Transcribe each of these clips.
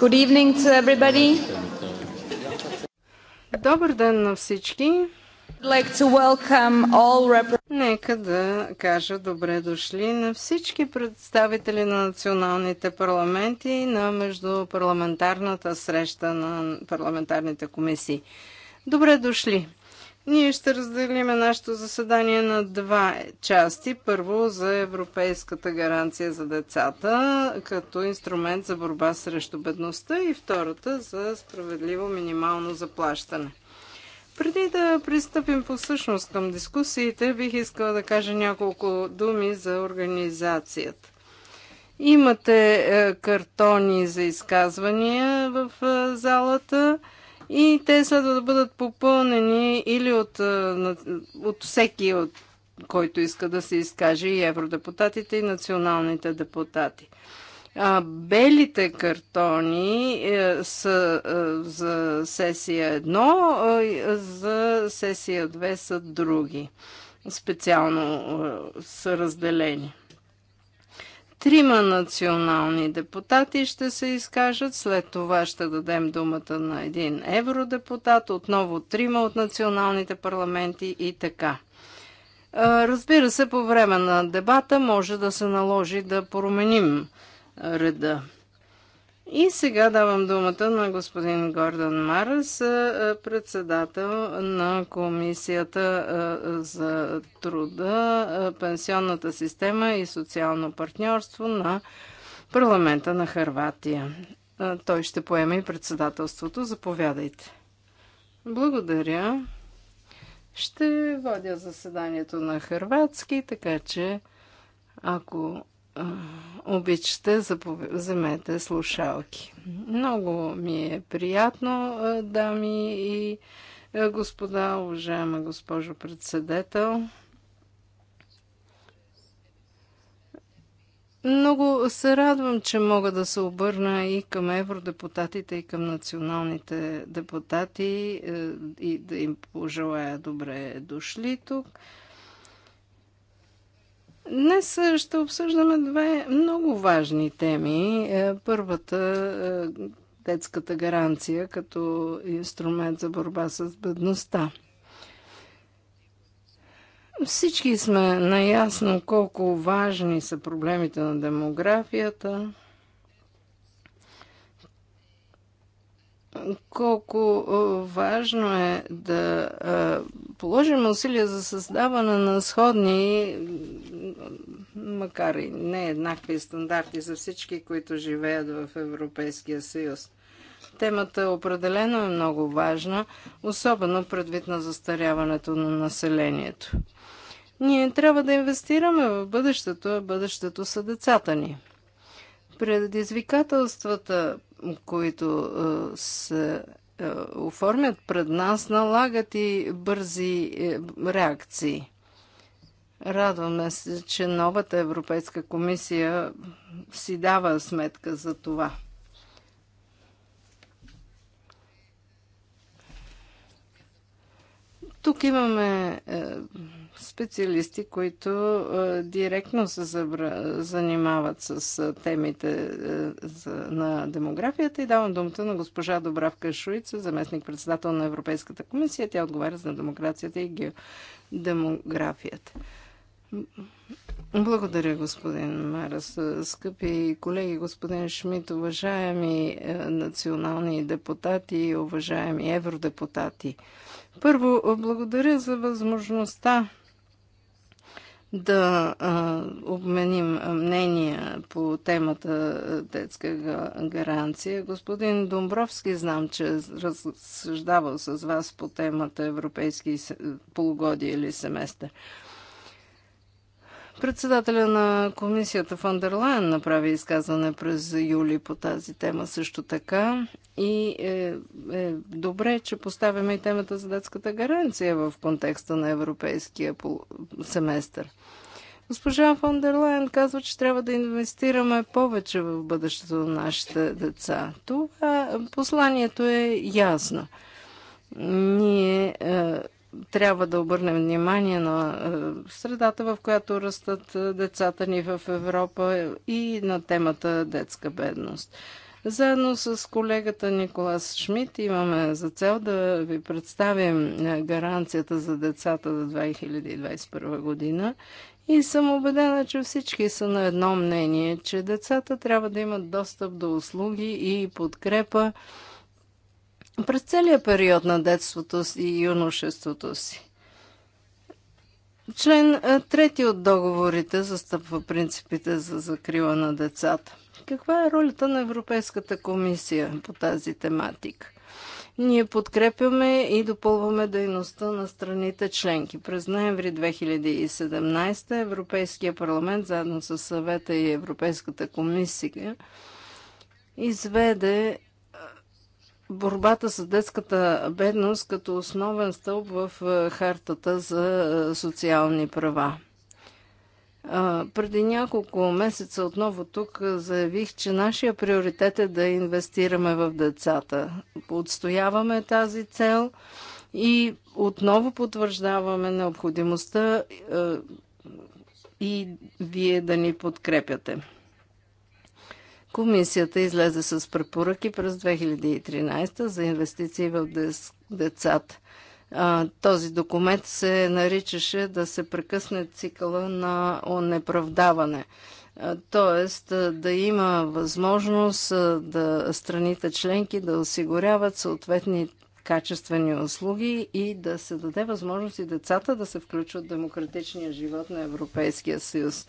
Good evening to everybody. Добър ден на всички. Like to welcome all Нека да кажа добре дошли на всички представители на националните парламенти на междупарламентарната среща на парламентарните комисии. Добре дошли! Ние ще разделиме нашето заседание на два части. Първо за Европейската гаранция за децата като инструмент за борба срещу бедността и втората за справедливо минимално заплащане. Преди да пристъпим по същност към дискусиите, бих искала да кажа няколко думи за организацията. Имате е, картони за изказвания в е, залата и те следва да бъдат попълнени или от, от всеки, от който иска да се изкаже и евродепутатите, и националните депутати. А, белите картони е, са е, за сесия 1, е, за сесия 2 са други. Специално е, са разделени. Трима национални депутати ще се изкажат, след това ще дадем думата на един евродепутат, отново трима от националните парламенти и така. Разбира се, по време на дебата може да се наложи да променим реда. И сега давам думата на господин Гордон Марес, председател на Комисията за труда, пенсионната система и социално партньорство на парламента на Харватия. Той ще поеме и председателството. Заповядайте. Благодаря. Ще водя заседанието на хърватски, така че ако обичате, вземете слушалки. Много ми е приятно, дами и господа, уважаема госпожо председател. Много се радвам, че мога да се обърна и към евродепутатите, и към националните депутати е, и да им пожелая добре дошли тук. Днес е, ще обсъждаме две много важни теми. Е, първата е, детската гаранция като инструмент за борба с бедността. Всички сме наясно колко важни са проблемите на демографията, колко важно е да положим усилия за създаване на сходни, макар и не еднакви стандарти за всички, които живеят в Европейския съюз. Темата определено е много важна, особено предвид на застаряването на населението. Ние трябва да инвестираме в бъдещето, а бъдещето са децата ни. Предизвикателствата, които се оформят пред нас, налагат и бързи е, реакции. Радваме се, че новата Европейска комисия си дава сметка за това. Тук имаме е, специалисти, които е, директно се занимават с е, темите на демографията и давам думата на госпожа Добравка Шуица, заместник-председател на Европейската комисия. Тя отговаря за демокрацията и демографията. Благодаря, господин Марас. Скъпи колеги, господин Шмидт, уважаеми национални депутати и уважаеми евродепутати. Първо, благодаря за възможността да а, обменим мнения по темата детска гаранция. Господин Домбровски знам, че разсъждавал с вас по темата европейски полугодие или семестър. Председателя на комисията Фандерлайн направи изказване през юли по тази тема също така. И е, е добре, че поставяме и темата за детската гаранция в контекста на европейския семестър. Госпожа Фандерлайн казва, че трябва да инвестираме повече в бъдещето на нашите деца. Това е, посланието е ясно. Ние е, трябва да обърнем внимание на е, средата, в която растат е, децата ни в Европа и на темата детска бедност. Заедно с колегата Николас Шмидт имаме за цел да ви представим е, гаранцията за децата за 2021 година и съм убедена, че всички са на едно мнение, че децата трябва да имат достъп до услуги и подкрепа през целия период на детството си и юношеството си. Член е, трети от договорите застъпва принципите за закрила на децата. Каква е ролята на Европейската комисия по тази тематика? Ние подкрепяме и допълваме дейността на страните членки. През ноември 2017 Европейския парламент заедно с съвета и Европейската комисия изведе борбата с детската бедност като основен стълб в е, хартата за е, социални права. Преди няколко месеца отново тук е, заявих, че нашия приоритет е да инвестираме в децата. Отстояваме тази цел и отново потвърждаваме необходимостта и вие да ни подкрепяте. Комисията излезе с препоръки през 2013 за инвестиции в децата. Този документ се наричаше да се прекъсне цикъла на онеправдаване. Тоест да има възможност да страните членки да осигуряват съответни качествени услуги и да се даде възможност и децата да се включват в демократичния живот на Европейския съюз.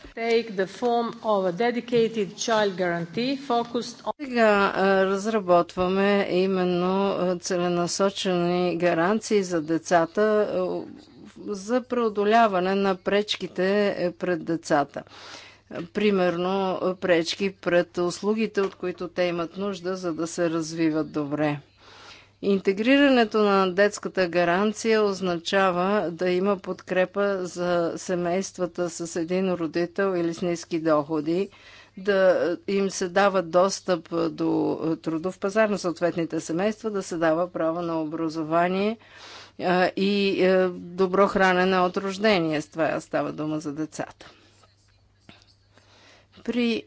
Сега разработваме именно целенасочени гаранции за децата за преодоляване на пречките е, пред децата примерно пречки пред услугите, от които те имат нужда, за да се развиват добре. Интегрирането на детската гаранция означава да има подкрепа за семействата с един родител или с ниски доходи, да им се дава достъп до трудов пазар на съответните семейства, да се дава право на образование и е, добро хранене от рождение. С това става дума за децата. При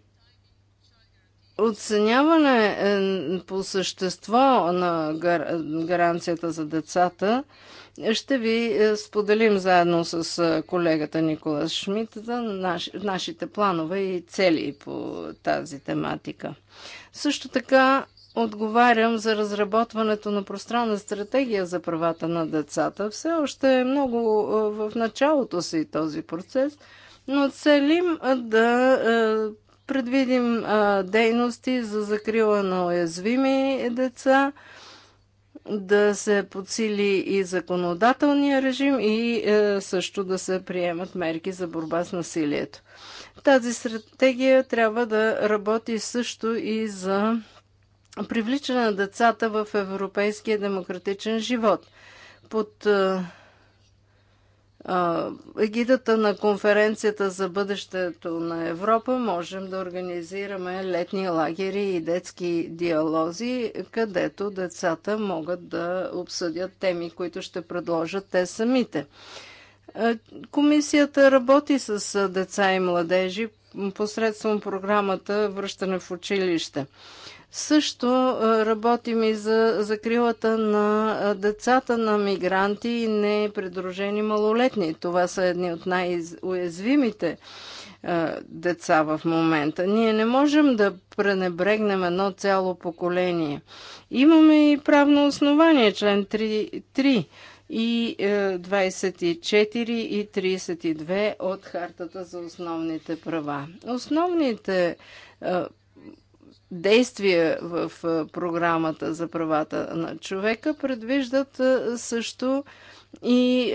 оценяване е, по същество на гаранцията за децата ще ви е, споделим заедно с е, колегата Никола Шмидт за нашите планове и цели по тази тематика. Също така отговарям за разработването на пространна стратегия за правата на децата. Все още е много в началото си този процес, но целим да предвидим а, дейности за закрила на уязвими деца, да се подсили и законодателния режим и а, е, също да се приемат мерки за борба с насилието. Тази стратегия трябва да работи също и за привличане на децата в европейския демократичен живот. Под а, е, егидата на конференцията за бъдещето на Европа можем да организираме летни лагери и детски диалози, където децата могат да обсъдят теми, които ще предложат те самите. Комисията работи с деца и младежи посредством програмата Връщане в училище. Също работим и за закрилата на децата на мигранти и непридружени малолетни. Това са едни от най-уязвимите деца в момента. Ние не можем да пренебрегнем едно цяло поколение. Имаме и правно основание, член 3 и 24 е, и 32 от Хартата за основните права. Основните е, действия в програмата за правата на човека предвиждат също и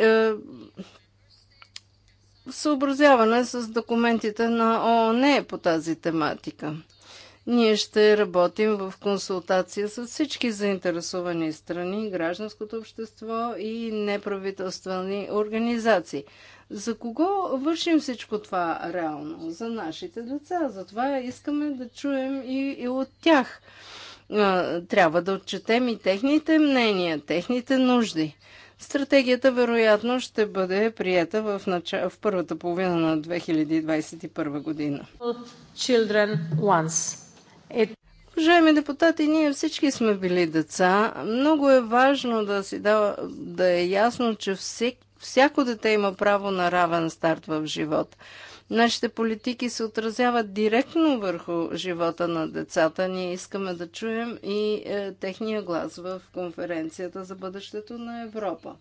съобразяване с документите на ООН по тази тематика. Ние ще работим в консултация с всички заинтересовани страни, гражданското общество и неправителствени организации. За кого вършим всичко това реално? За нашите деца. Затова искаме да чуем и, и от тях. Трябва да отчетем и техните мнения, техните нужди. Стратегията вероятно ще бъде прията в, нач... в първата половина на 2021 година. Children once. Е... Уважаеми депутати, ние всички сме били деца. Много е важно да, си дава, да е ясно, че всек, всяко дете има право на равен старт в живота. Нашите политики се отразяват директно върху живота на децата. Ние искаме да чуем и е, техния глас в конференцията за бъдещето на Европа.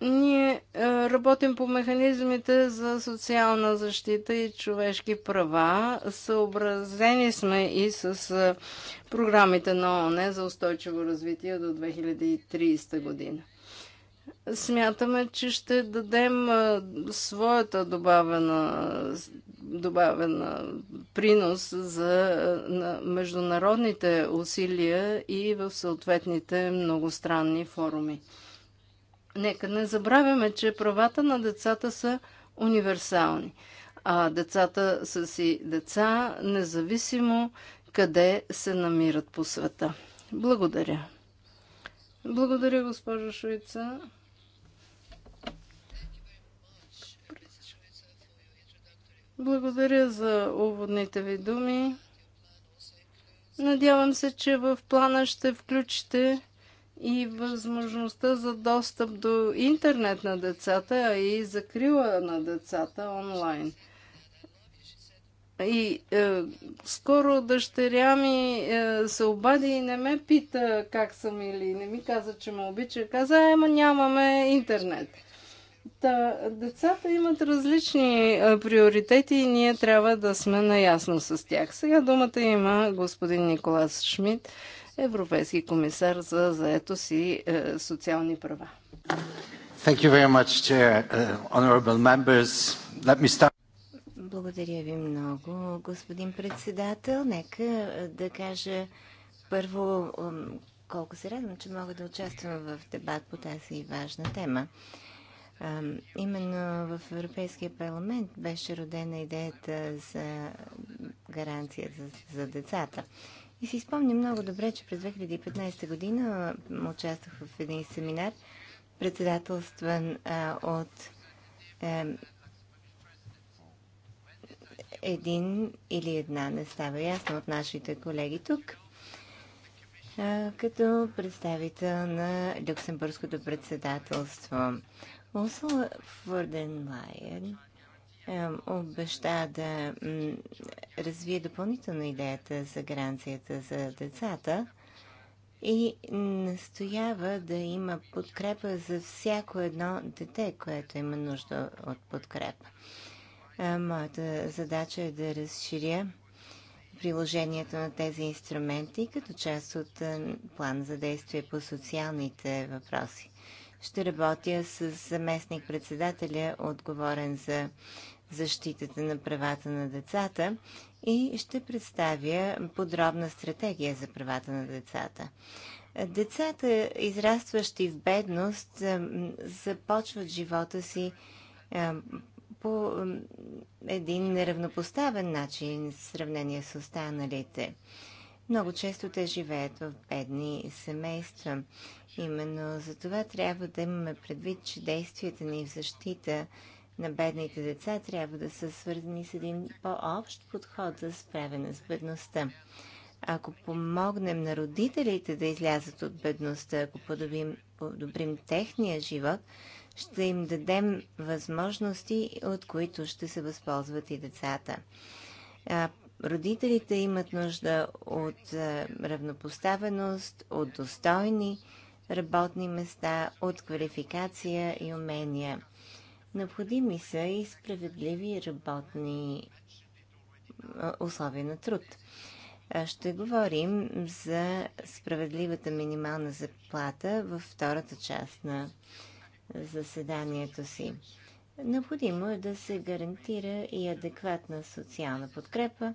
Ние е, работим по механизмите за социална защита и човешки права. Съобразени сме и с е, програмите на ООН за устойчиво развитие до 2030 година. Смятаме, че ще дадем е, своята добавена, добавена принос за международните усилия и в съответните многостранни форуми нека не забравяме, че правата на децата са универсални. А децата са си деца, независимо къде се намират по света. Благодаря. Благодаря, госпожо Шуица. Благодаря за уводните ви думи. Надявам се, че в плана ще включите и възможността за достъп до интернет на децата, и закрила на децата онлайн. И е, скоро дъщеря ми е, се обади и не ме пита как съм или не ми каза, че ме обича. Каза, ема нямаме интернет. Та, децата имат различни е, приоритети и ние трябва да сме наясно с тях. Сега думата има господин Николас Шмидт европейски комисар за заето си е, социални права. Much, uh, Благодаря ви много, господин председател. Нека е, да кажа първо е, колко се радвам, че мога да участвам в дебат по тази важна тема. Е, именно в Европейския парламент беше родена идеята за гаранция за децата. И си спомня много добре, че през 2015 година участвах в един семинар, председателстван а, от а, един или една, не става ясно от нашите колеги тук, а, като представител на Люксембургското председателство. Урсула Фурден обеща да развие допълнително идеята за гаранцията за децата и настоява да има подкрепа за всяко едно дете, което има нужда от подкрепа. Е, моята задача е да разширя приложението на тези инструменти като част от е, план за действие по социалните въпроси. Ще работя с заместник-председателя, отговорен за защитата на правата на децата и ще представя подробна стратегия за правата на децата. Децата, израстващи в бедност, започват живота си по един неравнопоставен начин в сравнение с останалите. Много често те живеят в бедни семейства. Именно за това трябва да имаме предвид, че действията ни в защита на бедните деца трябва да са свързани с един по-общ подход за справяне с бедността. Ако помогнем на родителите да излязат от бедността, ако подобрим, подобрим техния живот, ще им дадем възможности, от които ще се възползват и децата. родителите имат нужда от равнопоставеност, от достойни работни места, от квалификация и умения. Необходими са и справедливи работни условия на труд. Ще говорим за справедливата минимална заплата във втората част на заседанието си. Необходимо е да се гарантира и адекватна социална подкрепа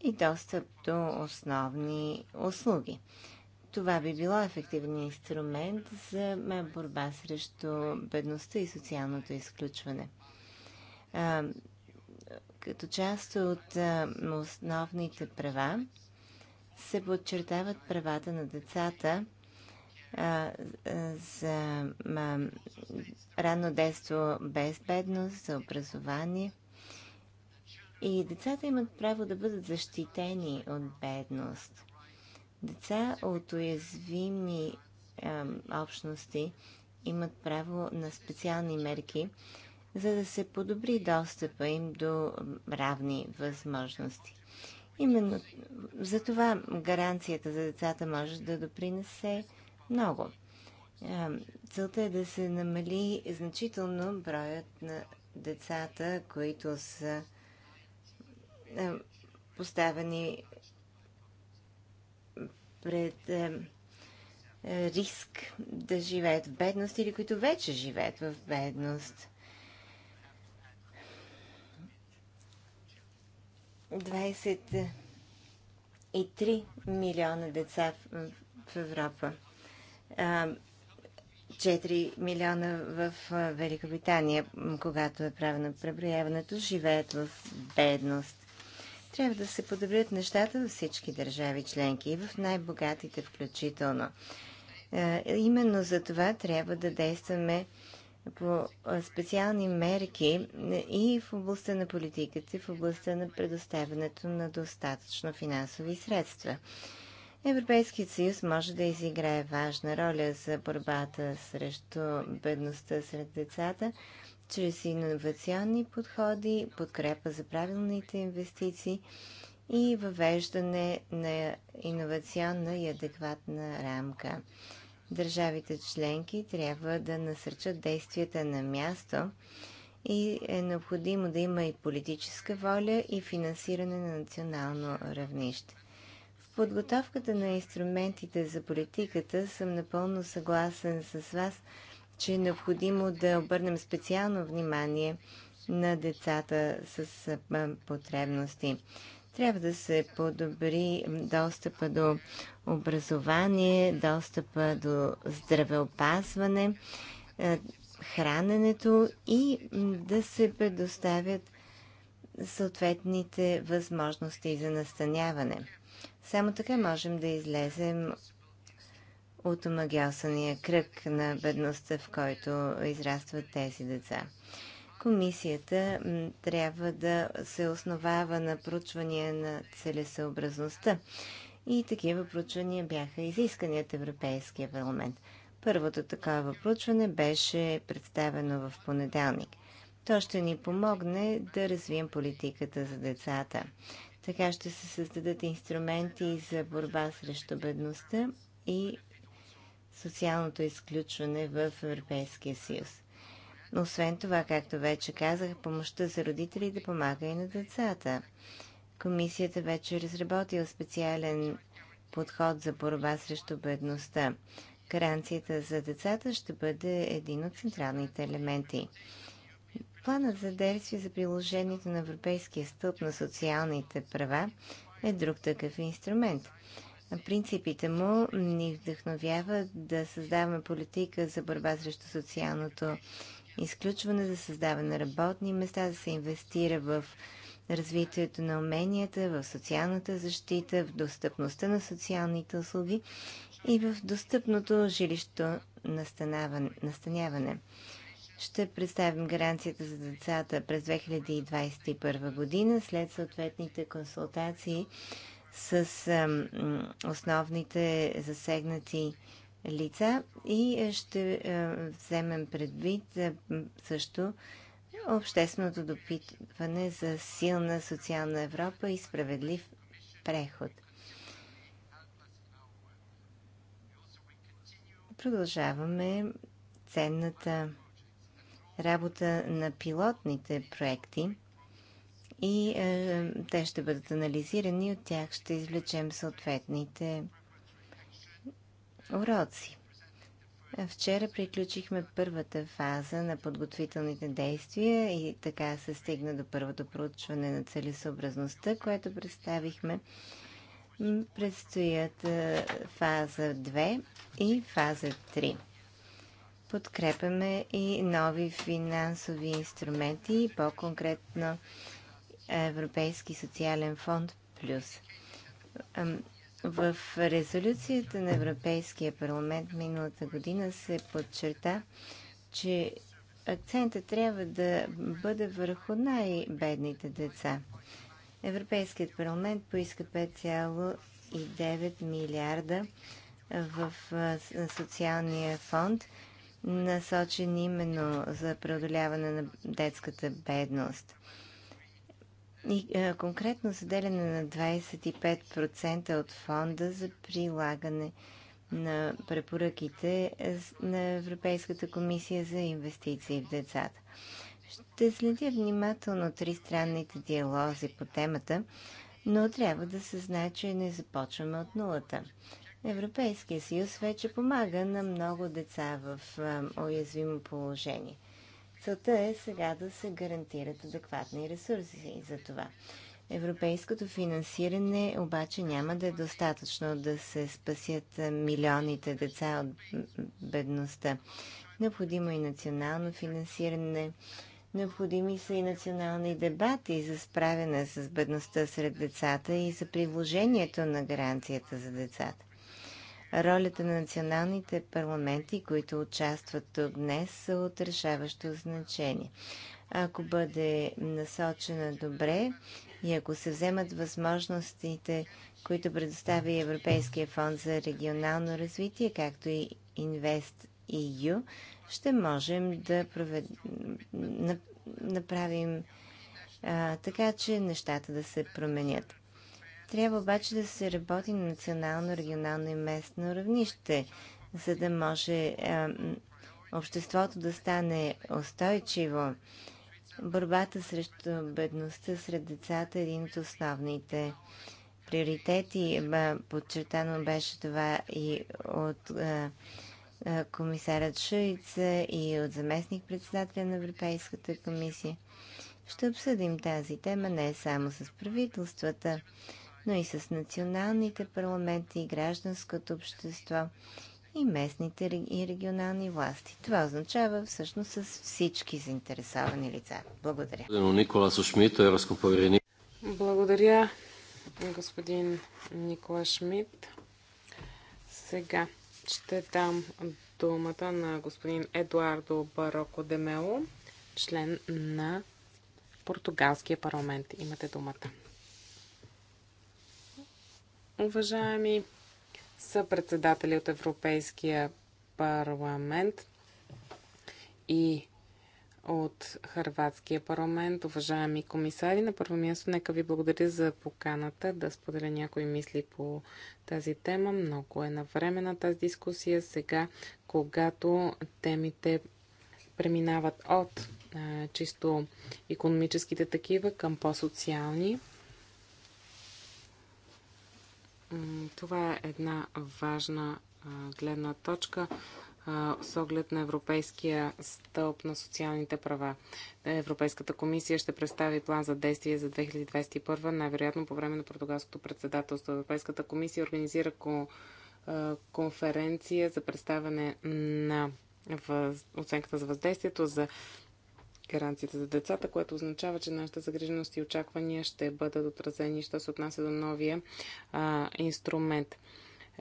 и достъп до основни услуги. Това би било ефективен инструмент за борба срещу бедността и социалното изключване. като част от основните права се подчертават правата на децата за ранно детство без бедност, за образование. И децата имат право да бъдат защитени от бедност. Деца от уязвими е, общности имат право на специални мерки, за да се подобри достъпа им до равни възможности. Именно за това гаранцията за децата може да допринесе много. Целта е да се намали значително броят на децата, които са поставени пред е, е, риск да живеят в бедност или които вече живеят в бедност. 23 милиона деца в, в Европа. 4 е, милиона в е, Великобритания, когато е правено преброяването, живеят в бедност. Трябва да се подобрят нещата във всички държави членки и в най-богатите включително. Е, именно за това трябва да действаме по специални мерки е, и в областта на политиката, и в областта на предоставянето на достатъчно финансови средства. Европейският съюз може да изиграе важна роля за борбата срещу бедността сред децата, чрез иновационни подходи, подкрепа за правилните инвестиции и въвеждане на иновационна и адекватна рамка. Държавите членки трябва да насърчат действията на място и е необходимо да има и политическа воля и финансиране на национално равнище. В подготовката на инструментите за политиката съм напълно съгласен с вас – че е необходимо да обърнем специално внимание на децата с потребности. Трябва да се подобри достъпа до образование, достъпа до здравеопазване, храненето и да се предоставят съответните възможности за настаняване. Само така можем да излезем от омагиосания кръг на бедността, в който израстват тези деца. Комисията трябва да се основава на проучвания на целесъобразността. И такива проучвания бяха изискани от Европейския парламент. Първото такова проучване беше представено в понеделник. То ще ни помогне да развием политиката за децата. Така ще се създадат инструменти за борба срещу бедността и социалното изключване в Европейския съюз. Но Освен това, както вече казах, помощта за родителите помага и на децата. Комисията вече е разработила специален подход за борба срещу бедността. Гаранцията за децата ще бъде един от централните елементи. Планът за действие за приложението на Европейския стълб на социалните права е друг такъв инструмент принципите му ни вдъхновяват да създаваме политика за борба срещу социалното изключване, за създаване на работни места, да се инвестира в развитието на уменията, в социалната защита, в достъпността на социалните услуги и в достъпното жилищо настаняване. Ще представим гаранцията за децата през 2021 година след съответните консултации с основните засегнати лица и е, ще е, вземем предвид е, също общественото допитване за силна социална Европа и справедлив преход. Продължаваме ценната работа на пилотните проекти и е, те ще бъдат анализирани, от тях ще извлечем съответните уроци. Вчера приключихме първата фаза на подготвителните действия и така се стигна до първото проучване на целесообразността, което представихме. Предстоят е, фаза 2 и фаза 3. Подкрепяме и нови финансови инструменти и по-конкретно Европейски социален фонд плюс. В резолюцията на Европейския парламент миналата година се подчерта, че акцента трябва да бъде върху най-бедните деца. Европейският парламент поиска 5,9 милиарда в социалния фонд, насочен именно за преодоляване на детската бедност. И а, е, конкретно заделяне на 25% от фонда за прилагане на препоръките е, на Европейската комисия за инвестиции в децата. Ще следя внимателно тристранните диалози по темата, но трябва да се знае, че не започваме от нулата. Европейския съюз вече помага на много деца в е, уязвимо положение. Целта е сега да се гарантират адекватни ресурси за това. Европейското финансиране обаче няма да е достатъчно да се спасят милионите деца от бедността. Необходимо е и национално финансиране, необходими са и национални дебати за справяне с бедността сред децата и за приложението на гаранцията за децата. Ролята на националните парламенти, които участват тук днес, са от решаващо значение. Ако бъде насочена добре и ако се вземат възможностите, които предоставя Европейския фонд за регионално развитие, както и Invest EU, ще можем да провед... направим а, така, че нещата да се променят. Трябва обаче да се работи на национално, регионално и местно равнище, за да може а, обществото да стане устойчиво. Борбата срещу бедността сред децата е един от основните приоритети. Подчертано беше това и от а, комисарът Шуица и от заместник председателя на Европейската комисия. Ще обсъдим тази тема не само с правителствата, но и с националните парламенти и гражданското общество и местните и регионални власти. Това означава всъщност с всички заинтересовани лица. Благодаря. Благодаря, господин Никола Шмидт. Сега ще дам думата на господин Едуардо Бароко Демело, член на португалския парламент. Имате думата уважаеми съпредседатели от Европейския парламент и от Харватския парламент, уважаеми комисари. На първо място, нека ви благодаря за поканата да споделя някои мисли по тази тема. Много е на време на тази дискусия сега, когато темите преминават от чисто економическите такива към по-социални. Това е една важна гледна точка с оглед на Европейския стълб на социалните права. Европейската комисия ще представи план за действие за 2021, най-вероятно по време на португалското председателство. Европейската комисия организира конференция за представяне на оценката за въздействието за гаранцията за децата, което означава, че нашите загрижености и очаквания ще бъдат отразени, що се отнася до новия а, инструмент.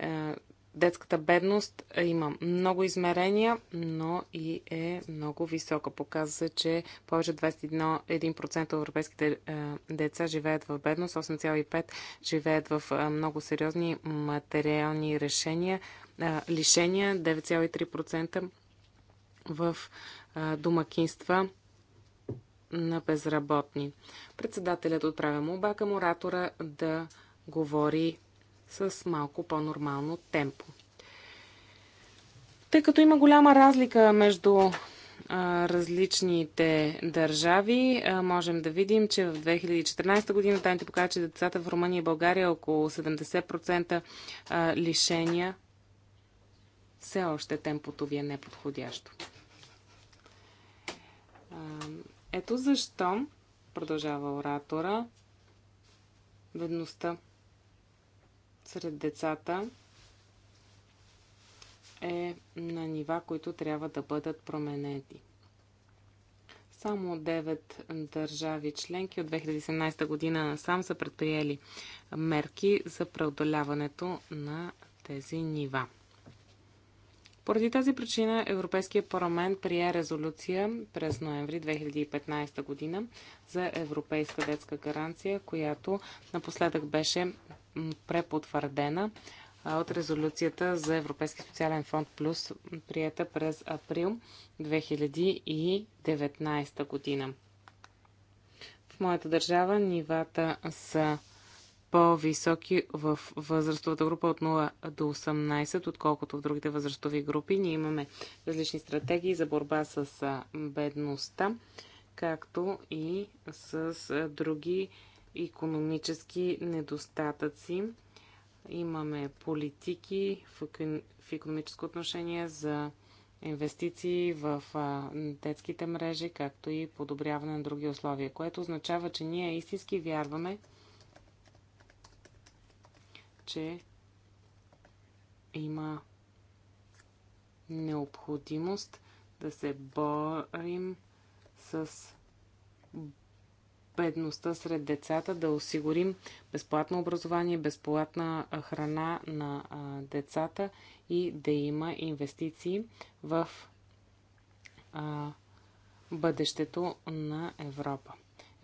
Е, детската бедност е, има много измерения, но и е много висока. Показва се, че повече от 21% от европейските е, деца живеят в бедност, 8,5% живеят в много сериозни материални решения, лишения, 9,3% в домакинства на безработни. Председателят отправя оба към оратора да говори с малко по-нормално темпо. Тъй като има голяма разлика между а, различните държави, а, можем да видим, че в 2014 година данните показват, че децата в Румъния и България около 70% а, лишения. Все още темпото ви е неподходящо ето защо, продължава оратора, бедността сред децата е на нива, които трябва да бъдат променети. Само 9 държави членки от 2017 година насам са предприели мерки за преодоляването на тези нива. Поради тази причина Европейския парламент прие резолюция през ноември 2015 година за Европейска детска гаранция, която напоследък беше препотвърдена от резолюцията за Европейски социален фонд Плюс, прията през април 2019 година. В моята държава нивата са по-високи в възрастовата група от 0 до 18, отколкото в другите възрастови групи. Ние имаме различни стратегии за борба с бедността, както и с други економически недостатъци. Имаме политики в економическо отношение за инвестиции в детските мрежи, както и подобряване на други условия, което означава, че ние истински вярваме, че има необходимост да се борим с бедността сред децата, да осигурим безплатно образование, безплатна храна на децата и да има инвестиции в бъдещето на Европа.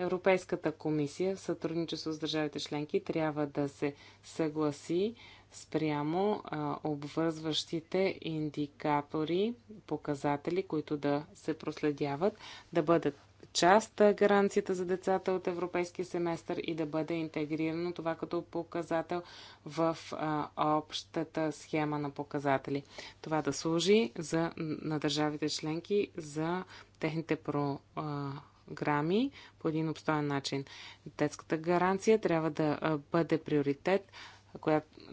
Европейската комисия в сътрудничество с държавите членки трябва да се съгласи спрямо обвързващите индикатори, показатели, които да се проследяват, да бъдат част гаранцията за децата от европейския семестър и да бъде интегрирано това като показател в а, общата схема на показатели. Това да служи за, на държавите членки за техните про, а, програми по един обстоен начин. Детската гаранция трябва да бъде приоритет,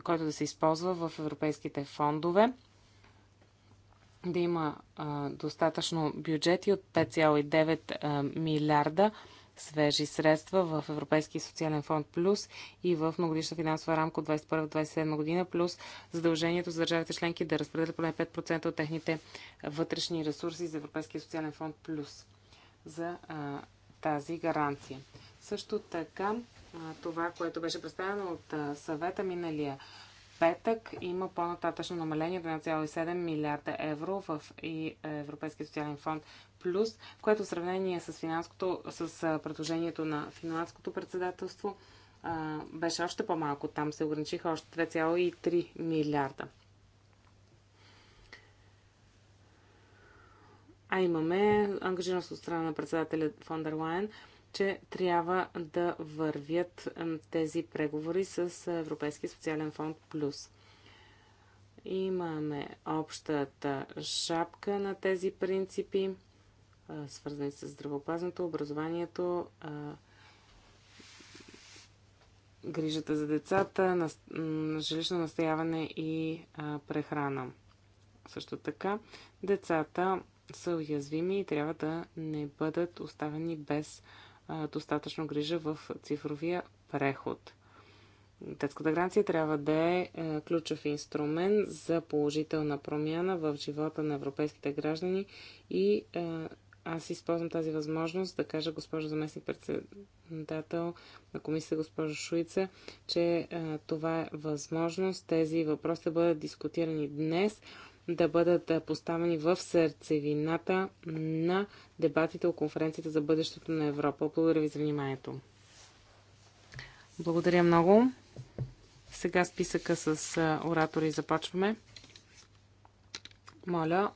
който да се използва в европейските фондове. Да има достатъчно бюджети от 5,9 милиарда свежи средства в Европейския социален фонд плюс и в многодишна финансова рамка от 2021-2027 година плюс задължението за държавите членки да разпределят поне 5% от техните вътрешни ресурси за Европейския социален фонд плюс за а, тази гаранция. Също така, а, това, което беше представено от а, съвета миналия петък, има по-нататъчно намаление 1,7 милиарда евро в и е, Европейския социален фонд плюс, което в сравнение с, финанското, с а, предложението на финландското председателство а, беше още по-малко. Там се ограничиха още 2,3 милиарда. А имаме ангажираност от страна на председателя фон дер Лайен, че трябва да вървят тези преговори с Европейския социален фонд Плюс. Имаме общата шапка на тези принципи, е, свързани с здравеопазването, образованието, е, грижата за децата, жилищно настояване и е, прехрана. Също така, децата са уязвими и трябва да не бъдат оставени без а, достатъчно грижа в цифровия преход. Детската гаранция трябва да е, е ключов инструмент за положителна промяна в живота на европейските граждани и а, е, аз използвам тази възможност да кажа госпожо заместник председател на комисията госпожо Шуица, че а, е, това е възможност тези въпроси да бъдат дискутирани днес да бъдат поставени в сърцевината на дебатите о конференцията за бъдещето на Европа. Благодаря ви за вниманието. Благодаря много. Сега списъка с оратори започваме. Моля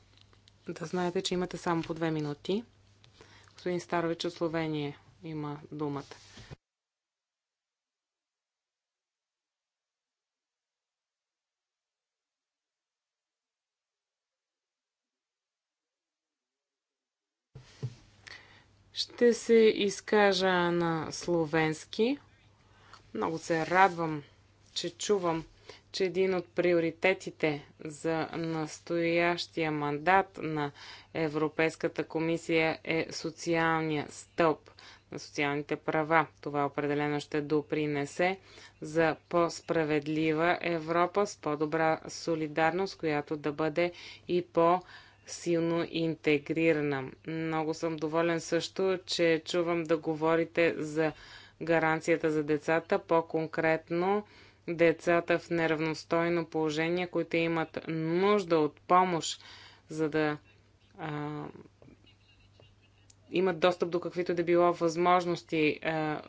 да знаете, че имате само по две минути. Господин Старович от Словения има думата. Ще се изкажа на словенски. Много се радвам, че чувам, че един от приоритетите за настоящия мандат на Европейската комисия е социалния стълб на социалните права. Това определено ще допринесе за по-справедлива Европа с по-добра солидарност, която да бъде и по- силно интегрирана. Много съм доволен също, че чувам да говорите за гаранцията за децата, по-конкретно децата в неравностойно положение, които имат нужда от помощ, за да а, имат достъп до каквито да било възможности. А,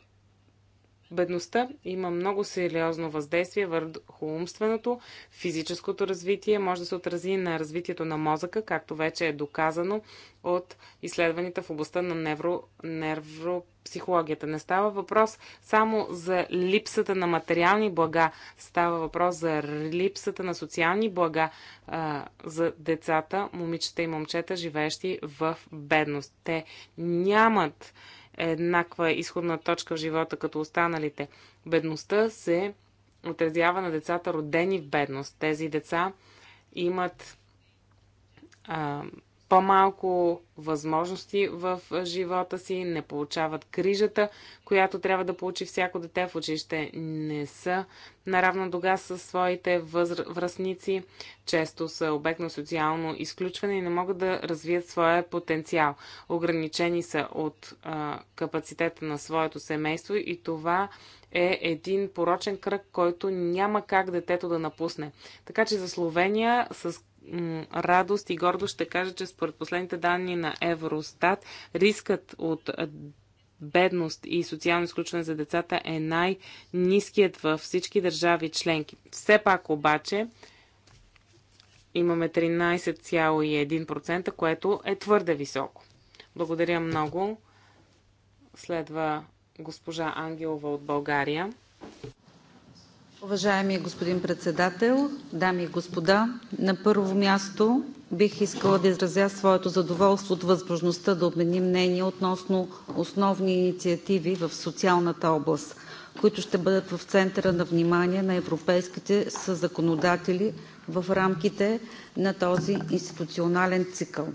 бедността има много сериозно въздействие върху умственото, физическото развитие, може да се отрази на развитието на мозъка, както вече е доказано от изследванията в областта на невро, невропсихологията. Не става въпрос само за липсата на материални блага, става въпрос за липсата на социални блага а, за децата, момичета и момчета, живеещи в бедност. Те нямат еднаква изходна точка в живота като останалите. Бедността се отразява на децата родени в бедност. Тези деца имат а, по-малко възможности в живота си, не получават грижата, която трябва да получи всяко дете в училище, не са наравно дога с своите възр... често са обект на социално изключване и не могат да развият своя потенциал. Ограничени са от а, капацитета на своето семейство и това е един порочен кръг, който няма как детето да напусне. Така че за Словения с радост и гордост ще кажа, че според последните данни на Евростат, рискът от бедност и социално изключване за децата е най-низкият във всички държави членки. Все пак обаче имаме 13,1%, което е твърде високо. Благодаря много. Следва госпожа Ангелова от България. Уважаеми господин Председател, дами и господа! На първо място, бих искала да изразя своето задоволство от възможността да обменим мнения относно основни инициативи в социалната област, които ще бъдат в центъра на внимание на европейските съзаконодатели в рамките на този институционален цикъл.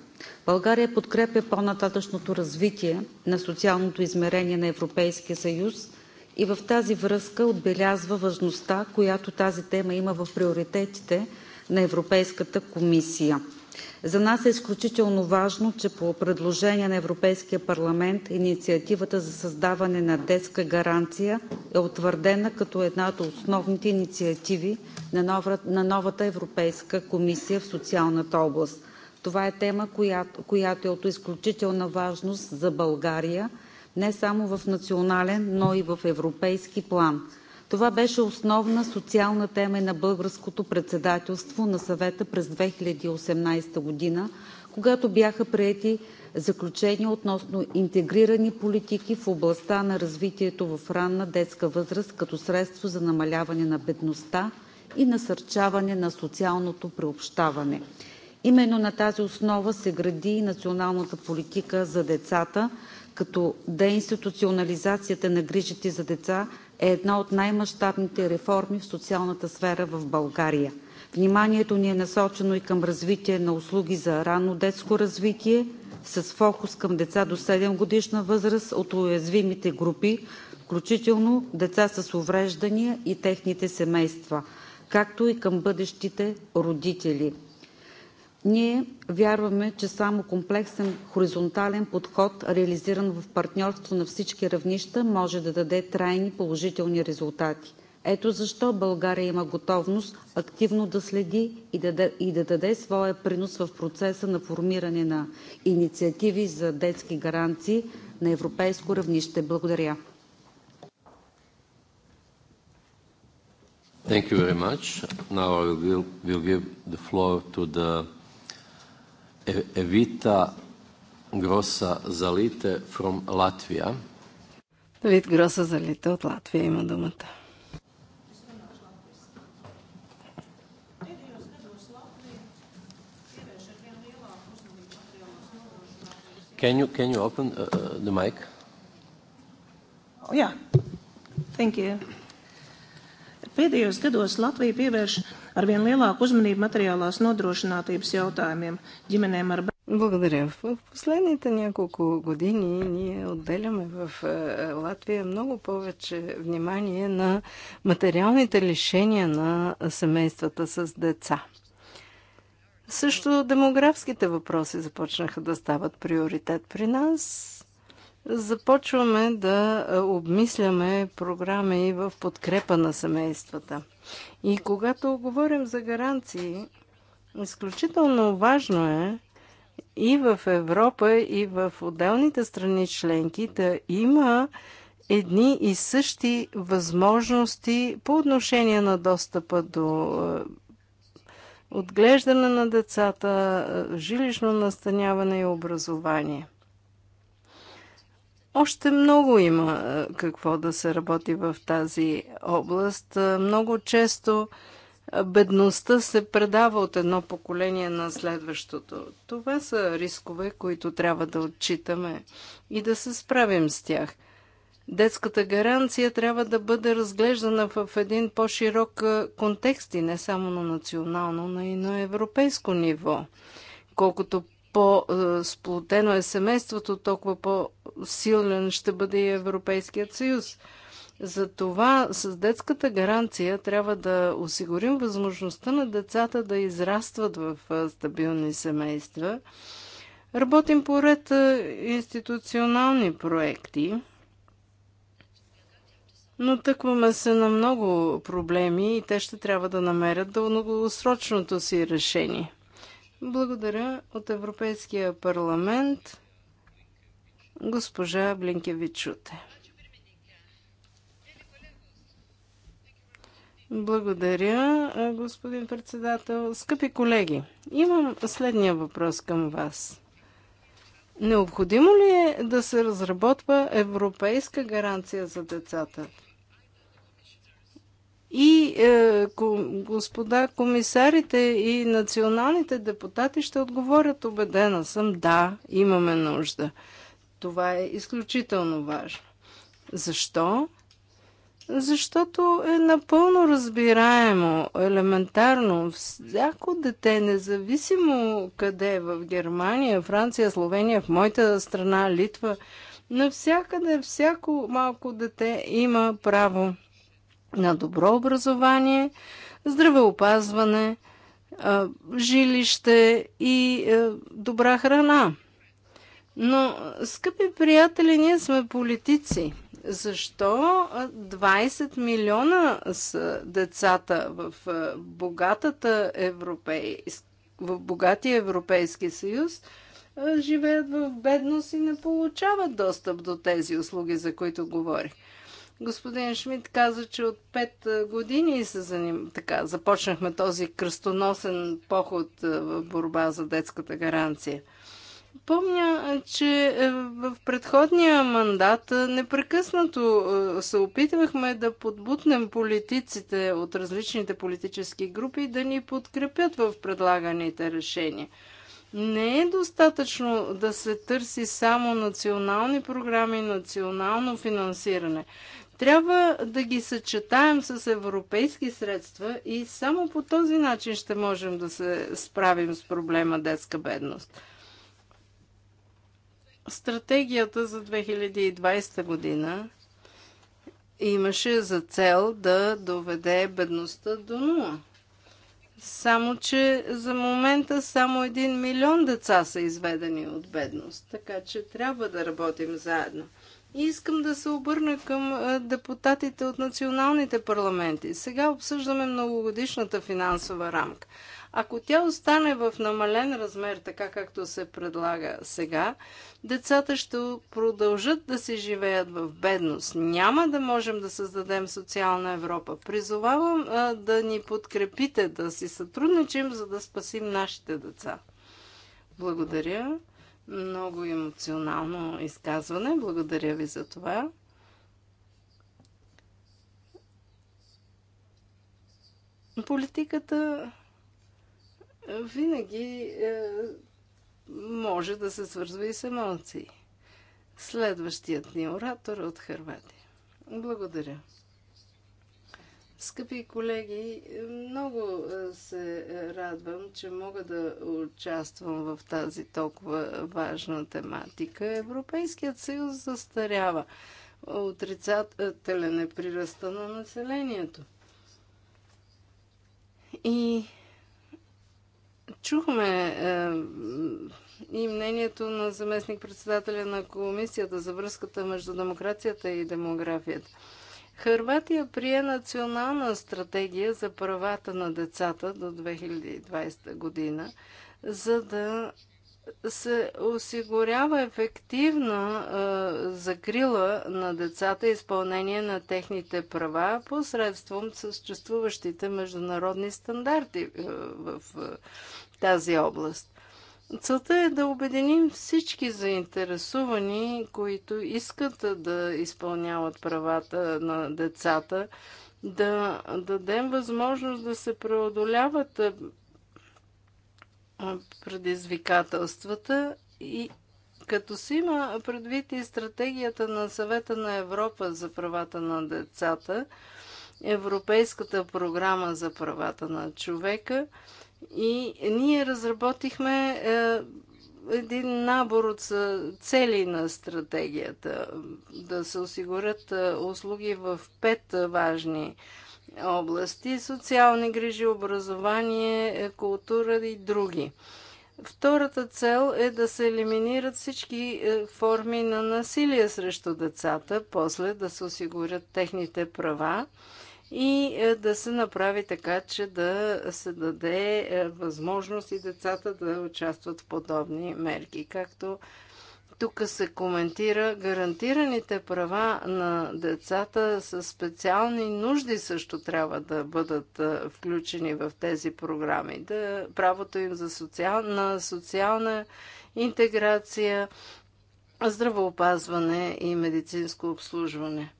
България подкрепя по нататъчното развитие на социалното измерение на Европейския съюз и в тази връзка отбелязва важността, която тази тема има в приоритетите на Европейската комисия. За нас е изключително важно, че по предложение на Европейския парламент инициативата за създаване на детска гаранция е утвърдена като една от основните инициативи на новата Европейска комисия в социалната област. Това е тема, която е от изключителна важност за България не само в национален, но и в европейски план. Това беше основна социална тема и на Българското председателство на Съвета през 2018 г., когато бяха приети заключения относно интегрирани политики в областта на развитието в ранна детска възраст като средство за намаляване на бедността и насърчаване на социалното приобщаване. Именно на тази основа се гради и националната политика за децата, като деинституционализацията на грижите за деца е една от най-мащабните реформи в социалната сфера в България. Вниманието ни е насочено и към развитие на услуги за ранно детско развитие с фокус към деца до 7-годишна възраст от уязвимите групи, включително деца с увреждания и техните семейства, както и към бъдещите родители. Ние вярваме, че само комплексен хоризонтален подход, реализиран в партньорство на всички равнища, може да даде трайни положителни резултати. Ето защо България има готовност активно да следи и да даде своя принос в процеса на формиране на инициативи за детски гаранции на европейско равнище. Благодаря. Thank you very much. Now I will give the floor to the Evita Гроса Залите from Latvia. Давид Гроса Залите от Латвия има думата. Can you, can you open uh, the mic? Oh, yeah. Thank you. Pēdējos gados Latvija pievērš ar vien lielāku uzmanību materiālās nodrošinātības jautājumiem ģimenēm ar Благодаря. В последните няколко години ние отделяме в е, Латвия много повече внимание на материалните лишения на семействата с деца. Също демографските въпроси започнаха да стават приоритет при нас започваме да обмисляме програми в подкрепа на семействата. И когато говорим за гаранции, изключително важно е и в Европа, и в отделните страни членки да има едни и същи възможности по отношение на достъпа до отглеждане на децата, жилищно настаняване и образование – още много има е, какво да се работи в тази област. Е, много често е, бедността се предава от едно поколение на следващото. Това са рискове, които трябва да отчитаме и да се справим с тях. Детската гаранция трябва да бъде разглеждана в един по-широк контекст и не само на национално, но и на европейско ниво. Колкото по-сплотено е семейството, толкова по-силен ще бъде и Европейският съюз. Затова с детската гаранция трябва да осигурим възможността на децата да израстват в стабилни семейства. Работим по ред институционални проекти, но тъкваме се на много проблеми и те ще трябва да намерят дългосрочното си решение. Благодаря от Европейския парламент госпожа Блинкевичуте. Благодаря, господин председател. Скъпи колеги, имам следния въпрос към вас. Необходимо ли е да се разработва европейска гаранция за децата? И е, господа комисарите и националните депутати ще отговорят, убедена съм, да, имаме нужда. Това е изключително важно. Защо? Защото е напълно разбираемо, елементарно. Всяко дете, независимо къде, е, в Германия, Франция, Словения, в моята страна, Литва, навсякъде, всяко малко дете има право на добро образование, здравеопазване, жилище и добра храна. Но, скъпи приятели, ние сме политици. Защо 20 милиона са децата в богатата европейска в богатия Европейски съюз живеят в бедност и не получават достъп до тези услуги, за които говорих. Господин Шмидт каза, че от 5 години се заним... така, започнахме този кръстоносен поход в борба за детската гаранция. Помня, че е, в предходния мандат непрекъснато се опитвахме да подбутнем политиците от различните политически групи да ни подкрепят в предлаганите решения. Не е достатъчно да се търси само национални програми, национално финансиране. Трябва да ги съчетаем с европейски средства и само по този начин ще можем да се справим с проблема детска бедност. Стратегията за 2020 година имаше за цел да доведе бедността до нула. Само, че за момента само един милион деца са изведени от бедност, така че трябва да работим заедно. И Искам да се обърна към депутатите от националните парламенти. Сега обсъждаме многогодишната финансова рамка. Ако тя остане в намален размер, така както се предлага сега, децата ще продължат да си живеят в бедност. Няма да можем да създадем социална Европа. Призовавам а, да ни подкрепите, да си сътрудничим, за да спасим нашите деца. Благодаря. Много емоционално изказване. Благодаря ви за това. Политиката е, винаги е, може да се свързва и с емоции. Следващият ни оратор е от Хърватия. Благодаря. Скъпи колеги, много е, се е, радвам, че мога да участвам в тази толкова важна тематика. Европейският съюз застарява. Отрицателен е приръста на населението. И чухме е, и мнението на заместник-председателя на комисията за връзката между демокрацията и демографията. Харватия прие национална стратегия за правата на децата до 2020 година, за да се осигурява ефективна е, закрила на децата и изпълнение на техните права посредством съществуващите международни стандарти е, в е, тази област. Целта е да обединим всички заинтересувани, които искат да изпълняват правата на децата, да дадем възможност да се преодоляват предизвикателствата и като си има предвид и стратегията на съвета на Европа за правата на децата, Европейската програма за правата на човека – и ние разработихме е, един набор от цели на стратегията. Да се осигурят е, услуги в пет е, важни области социални грижи, образование, култура и други. Втората цел е да се елиминират всички форми на насилие срещу децата, после да се осигурят техните права и е, да се направи така, че да се даде е, възможност и децата да участват в подобни мерки. Както тук се коментира гарантираните права на децата с специални нужди също трябва да бъдат е, включени в тези програми. Да, правото им за социал, на социална интеграция, здравоопазване и медицинско обслужване.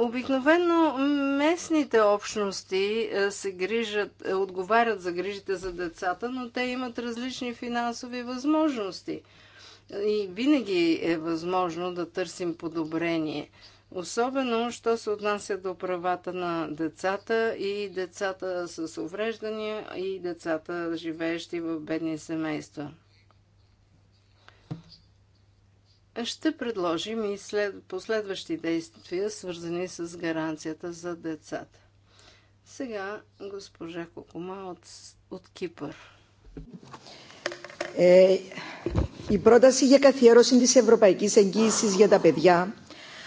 Обикновено местните общности е, се грижат, е, отговарят за грижите за децата, но те имат различни финансови възможности. И винаги е възможно да търсим подобрение. Особено, що се отнася до правата на децата и децата с увреждания и децата, живеещи в бедни семейства. ще предложим и след, последващи действия, свързани с гаранцията за децата. Сега госпожа Кокома от, от Кипър. Ε, е, η πρόταση για καθιέρωση της Ευρωπαϊκής Εγγύησης για τα παιδιά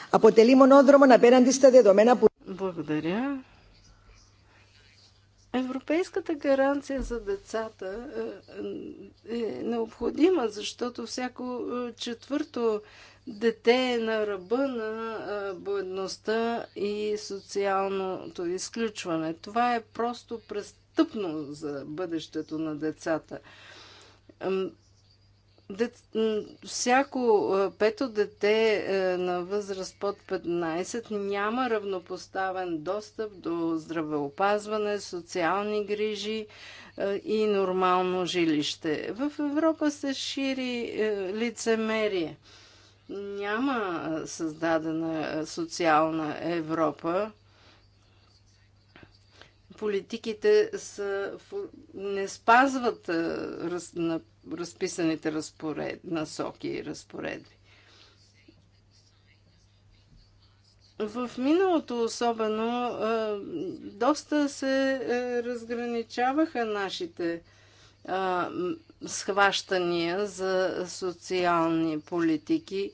αποτελεί μονόδρομο απέναντι στα δεδομένα που... Благодаря. Европейската гаранция за децата е, е, е необходима, защото всяко е, четвърто дете е на ръба на бедността и социалното изключване. Това е просто престъпно за бъдещето на децата. Дет... Всяко пето дете е, на възраст под 15 няма равнопоставен достъп до здравеопазване, социални грижи е, и нормално жилище. В Европа се шири е, лицемерие. Няма създадена социална Европа политиките са, не спазват раз, на разписаните разпоред, насоки и разпоредби. В миналото особено доста се разграничаваха нашите схващания за социални политики